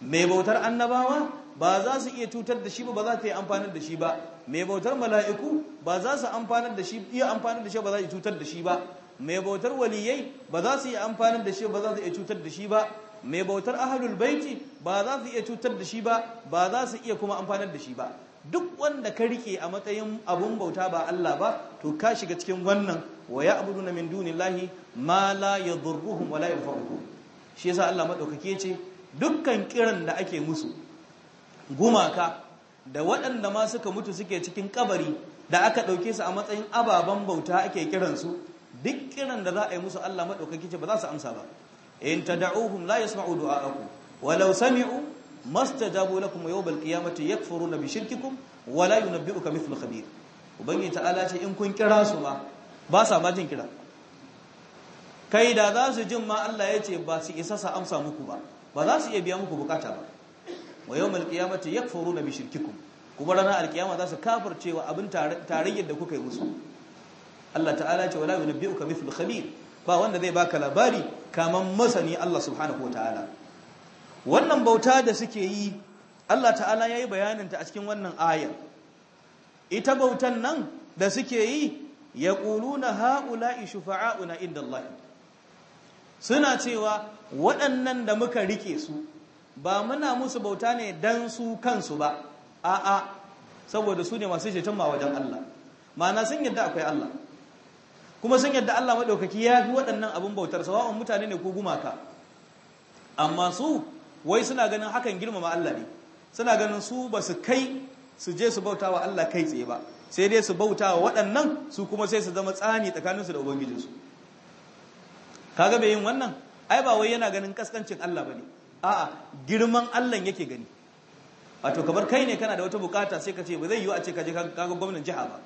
Me bautar annabawa ba za su iya cutar da shi ba ba za ta iya amfanar da shi ba Me bautar mala'iku ba za su amfanar da shi iya amfanar da shi ba za su cutar da shi ba mai bautar waliyai ba za su yi amfanin da shi ba za su iya cutar da shi ba mai bautar ahalul baiti ba za su iya cutar da shi ba ba za su iya kuma amfani da shi ba duk wanda ka rike a matsayin abun bauta ba Allah ba to ka shiga cikin wannan wa ya'buduna min dunillahi ma la yadhurruhum wa la yanfa'uhum shi yasa Allah maɗaukake ce dukkan kiran da ake musu gumaka da waɗanda ma suka mutu suke cikin kabari da aka ɗauke su a matsayin ababen bauta ake kiransu duk kiran da za a yi musu Allah madaukaki ce ba za su amsa ba in tad'uhum la yasma'u du'aakum walau sami'u mastajabu lakum yawmal qiyamati yakfuruna bi shirkikum wa la yunabbi'uka mithlu khabir ubangi ta'ala ce in kun kira su ma ba sa ma jin kira kai da za su jin ma Allah ya ce ba su isa sa amsa muku ba ba za su iya biya muku bukata ba wa yawmal qiyamati yakfuruna bi shirkikum kuma ranar alkiyama za su kafircewa abin tarayyar da kuka yi musu Allah ta'ala ce wala yunabbi'uka mithl khabir ba wanda zai baka labari kaman masani Allah subhanahu wataala wannan bauta da suke yi Allah ta'ala yayi bayanin ta a cikin wannan ayar ita bautan nan da suke yi yaquluna haula'i shufa'auna inda Allah suna cewa waɗannan da muka rike su ba muna musu bauta ne dan su kansu ba a'a saboda su ne masu ceton ma wajen Allah ma'ana sun yadda akwai Allah kuma sun yadda Allah maɗaukaki ya fi waɗannan abin bautar sawa'un mutane ne ko gumaka amma su wai suna ganin hakan girmama Allah ne suna ganin su ba su kai su je su bauta wa Allah kai tsaye ba sai dai su bauta wa waɗannan su kuma sai su zama tsani tsakaninsu da ubangijinsu kaga bai yin wannan ai ba wai yana ganin kaskancin Allah ba ne. a'a girman Allah yake gani wato kamar kai ne kana da wata bukata sai ka ce ba zai yiwu a ce ka je ka ga gwamnatin jiha ba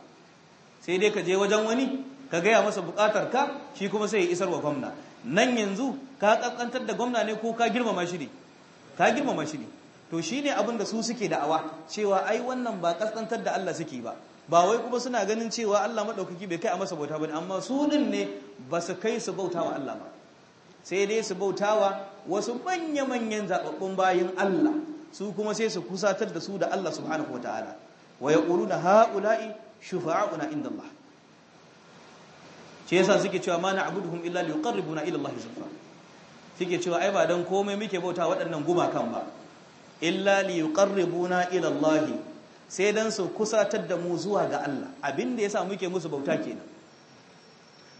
sai dai ka je wajen wani ka gaya masa bukatar ka shi kuma sai ya isar wa gwamna nan yanzu ka kankantar da gwamna ne ko ka girmama shi ne ka girmama shi ne to abin da su suke da'awa cewa ai wannan ba kaskantar da Allah suke ba ba wai kuma suna ganin cewa Allah madaukaki bai kai a masa bauta ba amma su din ne ba su kai su bauta wa Allah ba sai dai su bauta wa wasu manya-manyan zababbun bayin Allah su kuma sai su kusatar da su da Allah subhanahu wataala wa yaquluna haula'i shufa'una inda Allah shi yasa suke cewa ma na'buduhum illa liqarribuna ila Allah zulfa suke cewa ai ba dan komai muke bauta waɗannan gumakan ba illa liqarribuna ila Allah sai dan su kusatar da mu zuwa ga Allah abinda yasa muke musu bauta kenan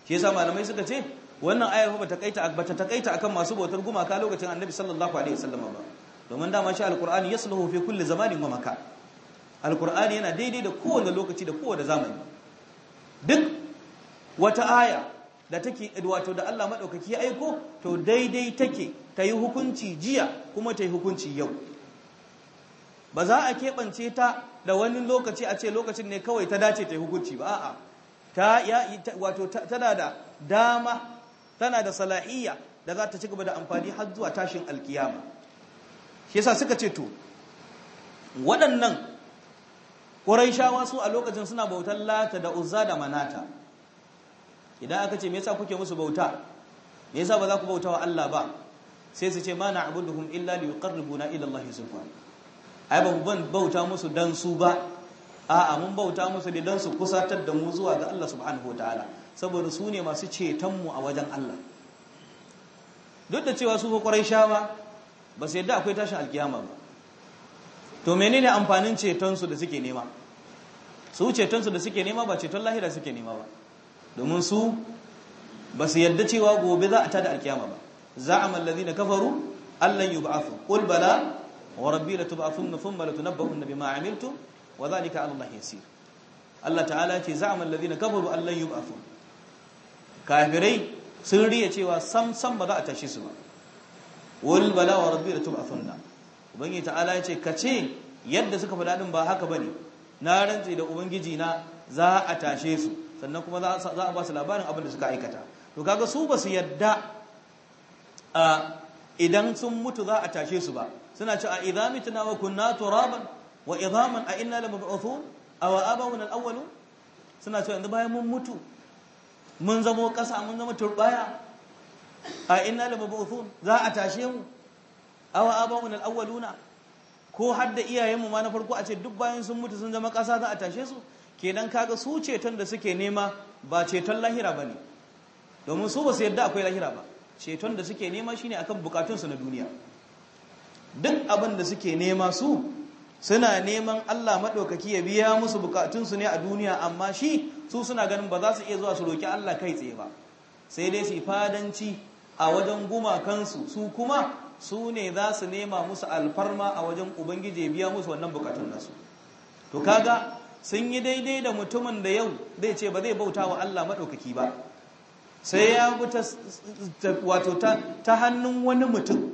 shi yasa malamai suka ce wannan ayar ba ta kaita ba takaita akan masu bautar gumaka lokacin Annabi sallallahu alaihi wasallam ba domin da shi alqur'ani yasluhu fi kulli zamanin wa makan alqur'ani yana daidai da kowane lokaci da kowane zamani duk wata aya da take wato da Allah madaukaki ya aiko to daidai take tayi hukunci jiya kuma tayi hukunci yau ba za a keɓance ta da wani lokaci a ce lokacin ne kawai ta dace tayi hukunci ba a'a ta ya wato tana da dama tana da salahiyya da za ta ci gaba da amfani har zuwa tashin alkiyama shi yasa suka ce to waɗannan Quraishawa su a lokacin suna bautar lata da uzza da manata idan aka ce me yasa kuke musu bauta me yasa ba za ku bauta wa Allah ba sai su ce ma na'buduhum illa liqarribuna ila Allah zulfa ai ba ban bauta musu dan su ba a'a mun bauta musu ne dan su kusatar da mu zuwa ga Allah subhanahu ta'ala saboda su ne masu ceton mu a wajen Allah duk da cewa su kwarai quraishawa ba sai da akwai tashin alkiyama ba to menene amfanin ceton su da suke nema su ceton su da suke nema ba ceton lahira suke nema ba domin su ba su yadda cewa gobe za a tada alkiyama ba Za a za'ama allazina kafaru allan yub'athu qul bala wa rabbi latub'athunna thumma latunabba'unna bima 'amiltum wa za dhalika 'ala allahi yasir Allah ta'ala ce za a za'ama allazina kafaru allan yub'athu kafirai sun riya cewa sam sam ba za a tashi su ba qul bala wa rabbi latub'athunna ubangiji ta'ala ya ce ka ce yadda suka faɗa ba haka ba ne. na rantse da ubangiji na za a tashe su sannan kuma za a ba su labarin abin da suka aikata to kaga su ba su yadda idan sun mutu za a tashe su ba suna ce a idza mitna wa kunna turaban wa idhaman a inna lamab'uthun aw abawun al-awwal suna ce yanzu bayan mun mutu mun zamo kasa mun zama turbaya a inna lamab'uthun za a tashe mu aw abawun al-awwaluna ko hadda iyayenmu ma na farko a ce duk bayan sun mutu sun zama kasa za a tashe su kenan kaga su ceton da suke nema ba ceton lahira ba ne domin su ba su yadda akwai lahira ba ceton da suke nema shine akan bukatunsu na duniya duk abin da suke nema su suna neman Allah maɗaukaki ya biya musu bukatunsu ne a duniya amma shi su suna ganin ba za su iya zuwa su roƙi Allah kai tsaye ba sai dai su fadanci a wajen gumakansu su kuma su ne za su nema musu alfarma a wajen ubangiji ya biya musu wannan bukatun nasu to kaga sun yi daidai da mutumin da yau zai ce ba zai bauta wa Allah maɗaukaki ba sai ya bi wato ta hannun wani mutum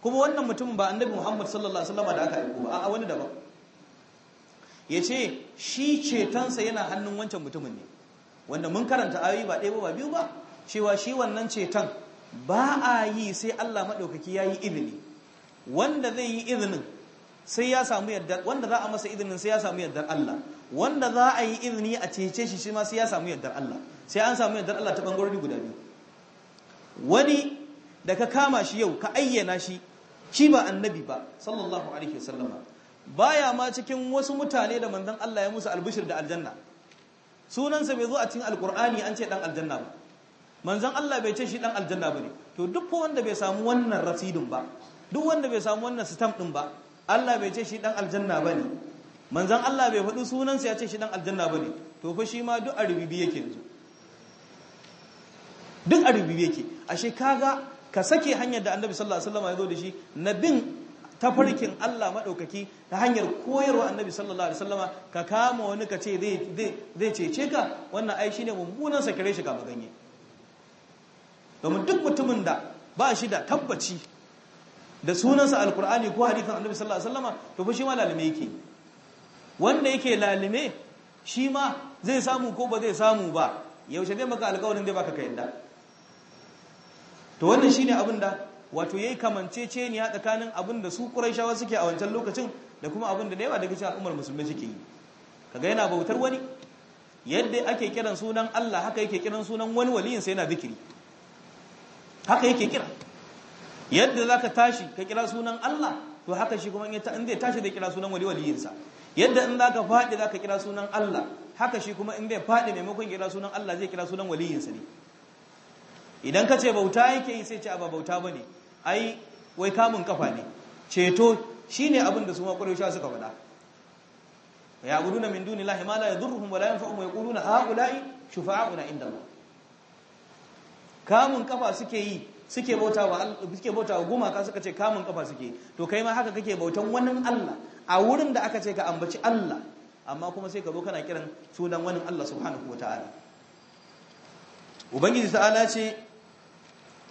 kuma wannan mutumin ba annabi Muhammad sallallahu alaihi wasallam da aka aiko ba a wani daban yace shi cetonsa yana hannun wancan mutumin ne wanda mun karanta ayoyi ba ɗaya ba biyu ba cewa shi wannan ceton ba a yi sai Allah maɗaukaki ya yi izini wanda zai yi izinin sai ya samu yadda wanda za a masa izinin sai ya samu yardar Allah wanda za a yi izini a cece shi shi ma sai ya samu yardar Allah sai an samu yardar Allah ta bangarori guda biyu wani da ka kama shi yau ka ayyana shi shi ba annabi ba sallallahu alaihi wasallama baya ma cikin wasu mutane da manzon Allah ya musu albishir da aljanna sunansa bai zo a cikin alqur'ani an ce dan aljanna ba manzon Allah bai ce shi dan aljanna bane to duk wanda bai samu wannan rasidin ba duk wanda bai samu wannan stamp din ba Allah bai ce shi dan aljanna bane manzan Allah bai faɗi sunansa ya ce shi ɗan aljanna ba ne to fa shi ma duk a rububi yake yanzu duk a rububi yake ashe kaga ka sake hanyar da annabi sallallahu alaihi wasallam ya zo da shi na bin tafarkin Allah maɗaukaki ta hanyar koyarwa annabi sallallahu alaihi wasallama ka kama wani ka ce zai cece ka wannan ai shine mummunan sakare shi kama ganye domin duk mutumin da ba shi da tabbaci da sunansa alkur'ani ko hadithan annabi sallallahu alaihi wasallama to fa shi ma yake wanda yake lalime shi ma zai samu ko ba zai samu ba yaushe zai maka alƙawarin zai baka yadda to wannan shine abin da wato yayi kamanceceniya tsakanin abin da su Qurayshawa suke a wancan lokacin da kuma abin da daiwa daga cikin al'ummar musulmi suke yi kaga yana bautar wani yadda ake kiran sunan Allah haka yake kiran sunan wani waliyin sai yana zikiri haka yake kira yadda zaka tashi ka kira sunan Allah to haka shi kuma in zai tashi da kira sunan wali waliyinsa yadda in zaka faɗi zaka kira sunan Allah haka shi kuma in bai faɗi maimakon kira sunan Allah zai kira sunan waliyinsa ne idan ka ce bauta yake yi sai ce ba bauta bane ai wai kamun kafa ne ceto shine abin da su ma qurayshawa suka faɗa ya guduna min lahi ma la yadurruhum wa la yanfa'uhum wa yaquluna haula'i shufa'auna inda Allah kamun kafa suke yi suke bautawa suke wa gumaka suka ce kamun kafa suke to kai ma haka kake bautan wannan Allah a wurin da aka ce ka ambaci Allah amma kuma sai ka zo kana kiran sunan wani Allah subhanahu ta'ala. ubangiji ta'ala ce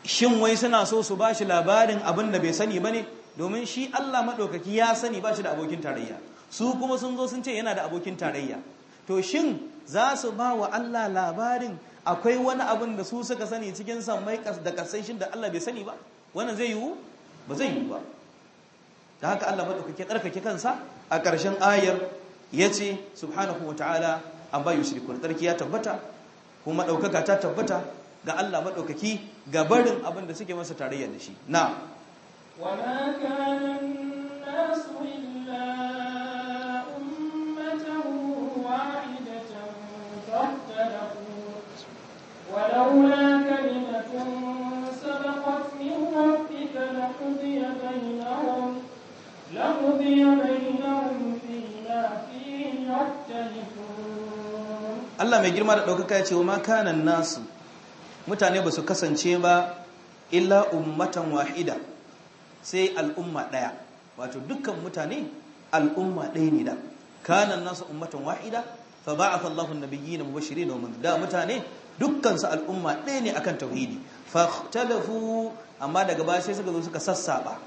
shin wai suna so su bashi labarin abin da bai sani ba ne? domin shi Allah madaukaki ya sani bashi da abokin tarayya su kuma sun zo sun ce yana da abokin tarayya to shin za su ba wa Allah labarin akwai wani abin da su suka sani cikin sammai da kasashin da Allah bai sani ba wannan zai yiwu ba zai yiwu ba da haka Allah madaukake tsarkake kansa a ƙarshen ayar yace subhanahu wataala amma yushrikun tsarki ya tabbata kuma daukaka ta tabbata ga Allah madaukaki ga barin abin da suke masa tarayya da shi na wa ma kana an-nas illa ummatan wahidatan fahtalafu ولولا كلمة سبقت من ربك لقضي بينهم allah mai girma da ɗaukaka ya ce wa ma nasu mutane ba su kasance ba illa ummatan wahida sai al'umma ɗaya wato dukkan mutane al'umma ɗaya ne da kanan nasu ummatan wahida fa ba a na biyi na nabiyyina ba wa da mutane dukkan al'umma ɗaya ne akan tawhidi fa talafu amma daga ba sai suka zo suka sassaba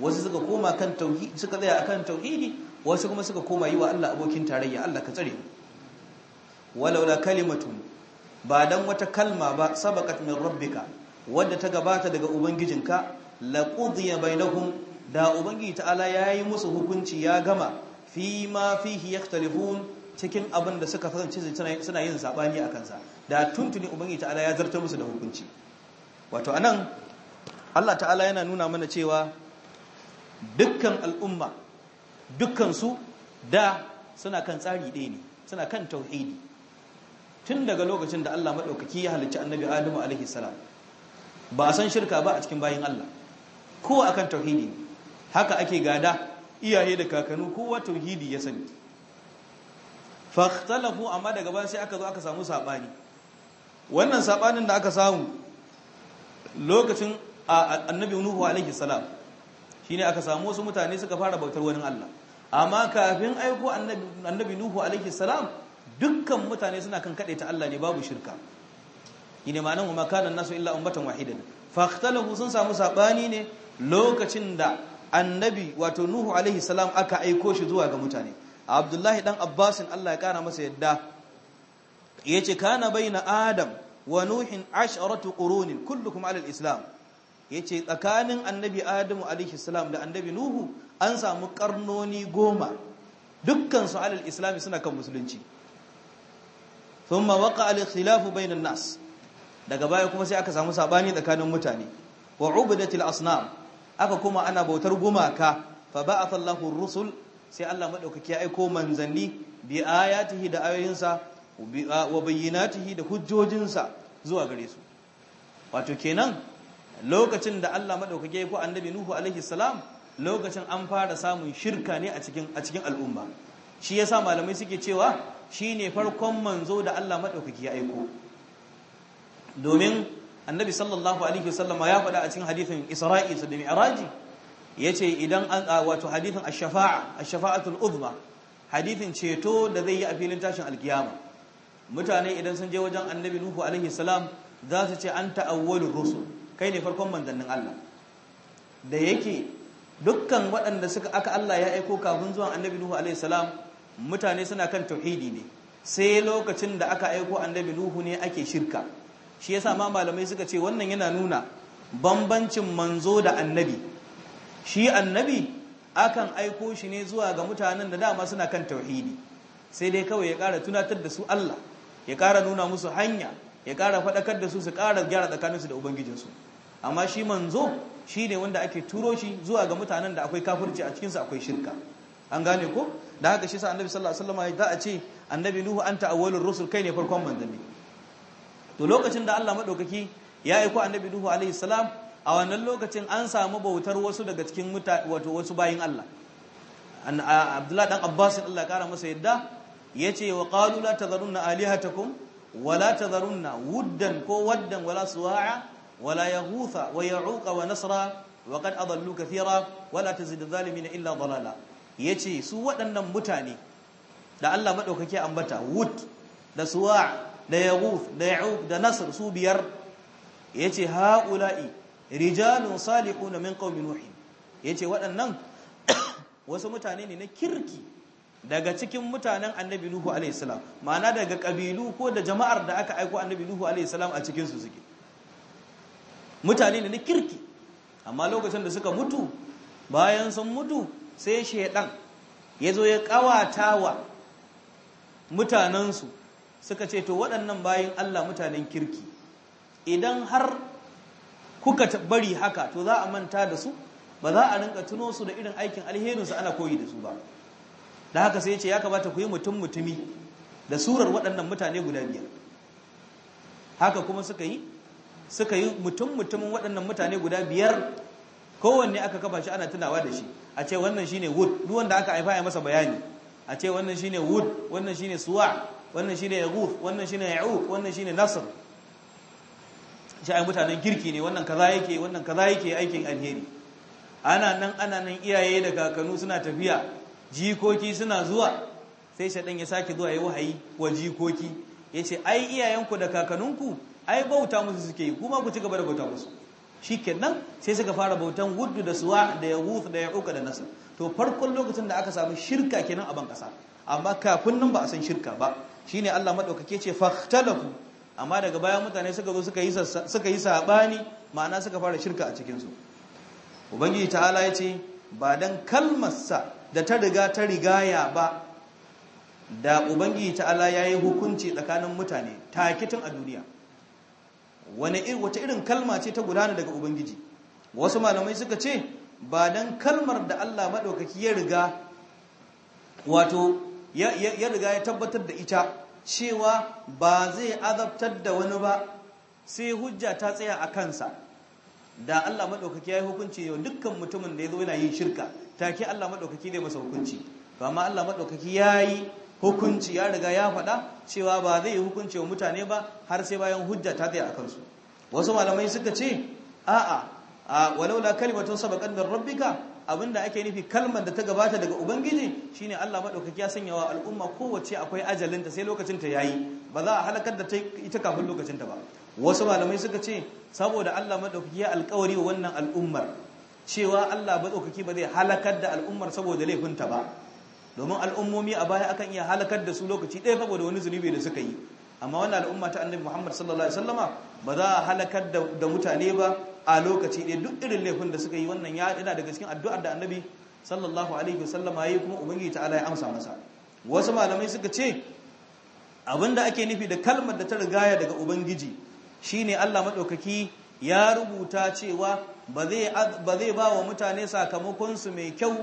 wasu suka koma kan tauhidi suka tsaya akan tauhidi wasu kuma suka koma yi wa Allah abokin tarayya Allah ka tsare walaula kalimatun ba dan wata kalma ba sabaqat min rabbika wadda ta gabata daga ubangijinka laqudiya bainahum da ubangiji ta'ala yayi musu hukunci ya gama fi ma fihi yakhtalifun cikin abin da suka kasance suna yin sabani a kansa da tuntuni ubangiji ta'ala ya zartar musu da hukunci wato anan Allah ta'ala yana nuna mana cewa dukkan al'umma dukkansu da suna kan tsari ɗaya ne suna kan tauhidi tun daga lokacin da Allah maɗaukaki ya halicci annabi Adamu alaihi salam ba a san shirka ba a cikin bayin Allah kowa akan tauhidi ne haka ake gada iyaye da kakannu kowa tauhidi ya sani fakhtalafu amma daga baya sai aka zo aka samu saɓani. wannan saɓanin da aka samu lokacin annabi Nuhu alaihi salam shine aka samu wasu mutane suka fara bautar wani Allah amma kafin aiko annabi nuhu alaihi salam dukkan mutane suna kan kade ta Allah ne babu shirka ina ma'anan wa makana nasu illa ummatan wahidan fa sun samu sabani ne lokacin da annabi wato nuhu alaihi salam aka aiko shi zuwa ga mutane abdullahi dan abbasin Allah ya kara masa yadda yace kana baina adam wa nuhin asharatu qurunin kullukum ala al-islam yace tsakanin annabi adamu alaihi salam da annabi nuhu an samu karnoni goma dukkan su alal islami suna kan musulunci thumma waka al khilafu bainan nas daga baya kuma sai aka samu sabani tsakanin mutane wa ubudatil asnam aka kuma ana bautar gumaka fa ba'atha Allahu ar-rusul sai Allah maɗaukaki ya aika manzanni bi ayatihi da ayoyinsa wa bayyinatihi da hujjojinsa zuwa gare su wato kenan lokacin da Allah madaukake ya ko annabi Nuhu alaihi salam lokacin an fara samun shirka ne a cikin a cikin al'umma shi yasa malamai suke cewa shine farkon manzo da Allah madaukake ya aiko domin annabi sallallahu alaihi wasallam ya faɗa a cikin hadithin Isra'i da Mi'raj yace idan an wato hadithin ash-shafa'a ash-shafa'atul uzma hadithin ceto da zai yi a filin tashin alkiyama mutane idan sun je wajen annabi Nuhu alaihi salam za su ce anta awwalur rusul kai ne farkon manzannin Allah da yake dukkan waɗanda suka aka Allah ya aiko kafin zuwan annabi Nuhu alaihi mutane suna kan tauhidi ne sai lokacin da aka aiko annabi Nuhu ne ake shirka shi yasa ma malamai suka ce wannan yana nuna bambancin manzo da annabi shi annabi akan aiko shi ne zuwa ga mutanen da dama suna kan tauhidi sai dai kawai ya kara tunatar da su Allah ya kara nuna musu hanya ya kara faɗakar da su su ƙara gyara su da ubangijinsu amma shi manzo shi ne wanda ake turo shi zuwa ga mutanen da akwai kafirci a cikinsu akwai shirka an gane ko da haka shi sa annabi sallallahu alaihi wasallam za a ce annabi nuhu anta awwalur rusul kai ne farkon manzanni to lokacin da Allah madaukaki ya aiko annabi nuhu alaihi salam a wannan lokacin an samu bautar wasu daga cikin mutane wato wasu bayin Allah Abdullahi dan Abbas Allah ya kara masa yadda ya ce wa qalu la tadharunna alihatakum wala tadharunna wuddan ko waddan wala suwa'a wala yaghutha wa ya'uqa wa nasra wa qad adallu wala tazid adh-dhalimin illa dalala yace su waɗannan mutane da Allah madaukake ambata wud da suwa'a da yaghuth da ya'uq da nasr su biyar yace haula'i rijalun salihuna min qaumi nuh yace waɗannan wasu mutane ne na kirki daga cikin mutanen annabi nuhu alaihi salam ma'ana daga kabilu ko da jama'ar da aka aiko annabi nuhu alaihi a cikin su suke mutane ne na kirki amma lokacin da suka mutu bayan sun mutu sai shedan ya zo ya wa mutanensu suka ce to waɗannan bayan Allah mutanen kirki idan har kuka bari haka to za a manta da su ba za a rinka tuno su da irin aikin su ana koyi da su ba da haka sai ce ya kamata ku yi mutum mutumi da surar waɗannan mutane guda biyar haka kuma suka yi suka yi mutum mutumin waɗannan mutane guda biyar kowanne aka kafa shi ana tunawa da shi a ce wannan shine wood duk wanda aka haifa ya masa bayani a ce wannan shine wood wannan shine suwa wannan shine yaghuf wannan shine ya'uq wannan shine nasr shi ai mutanen kirki ne wannan kaza yake wannan kaza yake aikin alheri ana nan ana nan iyaye da kakanu suna tafiya jikoki suna zuwa sai shaɗan ya sake zuwa ya wahayi wa jikoki ya ce ai iyayenku da kakanninku ai bauta musu suke yi kuma ku ci gaba da bauta musu shi kenan sai suka fara bautan wuddu da suwa da ya da ya uka da nasa to farkon lokacin da aka samu shirka kenan a ban ƙasa amma kafin nan ba a san shirka ba shi ne Allah maɗaukake ce fahtalaku amma daga bayan mutane suka zo suka yi saɓani ma'ana suka fara shirka a cikin su ubangiji ta'ala yace ba dan kalmarsa da ta riga ta rigaya ba da ubangiji ta'ala ya yi hukunci tsakanin mutane takitin a duniya wani wata irin kalma ce ta gudana daga ubangiji wasu malamai suka ce ba don kalmar da Allah maɗaukaki ya riga wato ya riga ya tabbatar da ita cewa ba zai azabtar da wani ba sai hujja ta tsaya a kansa da Allah madaukaki yayi hukunci yau dukkan mutumin da ya zo yana yin shirka take Allah madaukaki zai masa hukunci to amma Allah madaukaki yayi hukunci ya riga ya faɗa cewa ba zai yi hukunci wa mutane ba har sai bayan hujja ta tsaya akan su wasu malamai suka ce a'a a walaula kalimatun sabaqan min rabbika abinda ake nufi kalmar da ta gabata daga ubangiji shine Allah madaukaki ya sanya wa al'umma kowace akwai ajalinta sai lokacin ta yayi ba za a halakar da ita kafin lokacin ta ba wasu malamai suka ce saboda Allah madaukaki ya alkawari wa wannan al'ummar cewa Allah madaukaki ba zai halakar da al'ummar saboda laifinta ba domin al'ummomi a baya akan iya halakar da su lokaci ɗaya saboda wani zunubi da suka yi amma wannan al'umma ta annabi Muhammad sallallahu alaihi wasallama ba za a halakar da mutane ba a lokaci ɗaya duk irin laifin da suka yi wannan ya yana daga cikin addu'ar da annabi sallallahu alaihi wasallama yayi kuma ubangiji ta'ala ya amsa masa wasu malamai suka ce abinda ake nufi da kalmar da ta rigaya daga ubangiji Shi ne Allah maɗaukaki ya rubuta cewa ba zai ba wa mutane sakamakonsu mai kyau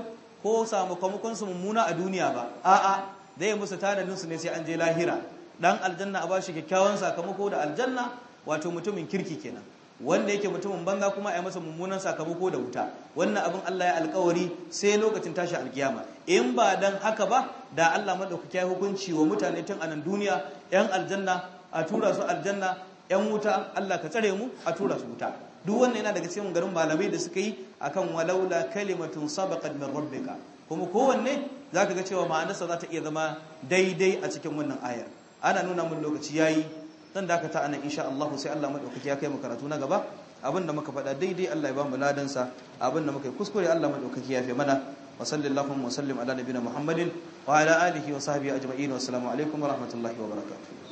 ko sakamakonsu mummuna a duniya ba a'a zai musu tanadinsu ne sai an je lahira dan aljanna a bashi kyakkyawan sakamako da aljanna wato mutumin kirki kenan wanda yake mutumin banga kuma a yi masa mummunan sakamako da wuta wannan abin Allah ya alkawari sai lokacin tashi alkiyama in ba dan haka ba da Allah madaukaki ya hukunci wa mutane tun anan duniya yan aljanna a tura su aljanna yan wuta Allah ka tsare mu a tura su wuta duk wannan yana daga cikin garin malamai da suka yi akan walaula kalimatun sabaqat min rabbika kuma kowanne zaka ga cewa ma'anarsa za ta iya zama daidai a cikin wannan ayar ana nuna mun lokaci yayi dan dakata anan insha Allah sai Allah madaukaki ya kai mu karatu na gaba abinda muka faɗa daidai Allah ya ba mu ladan sa abinda muka yi kuskure Allah madaukaki ya fi mana wa sallallahu wa sallim ala nabiyina Muhammadin wa ala alihi wa sahbihi ajma'in wa assalamu alaikum wa rahmatullahi wa barakatuh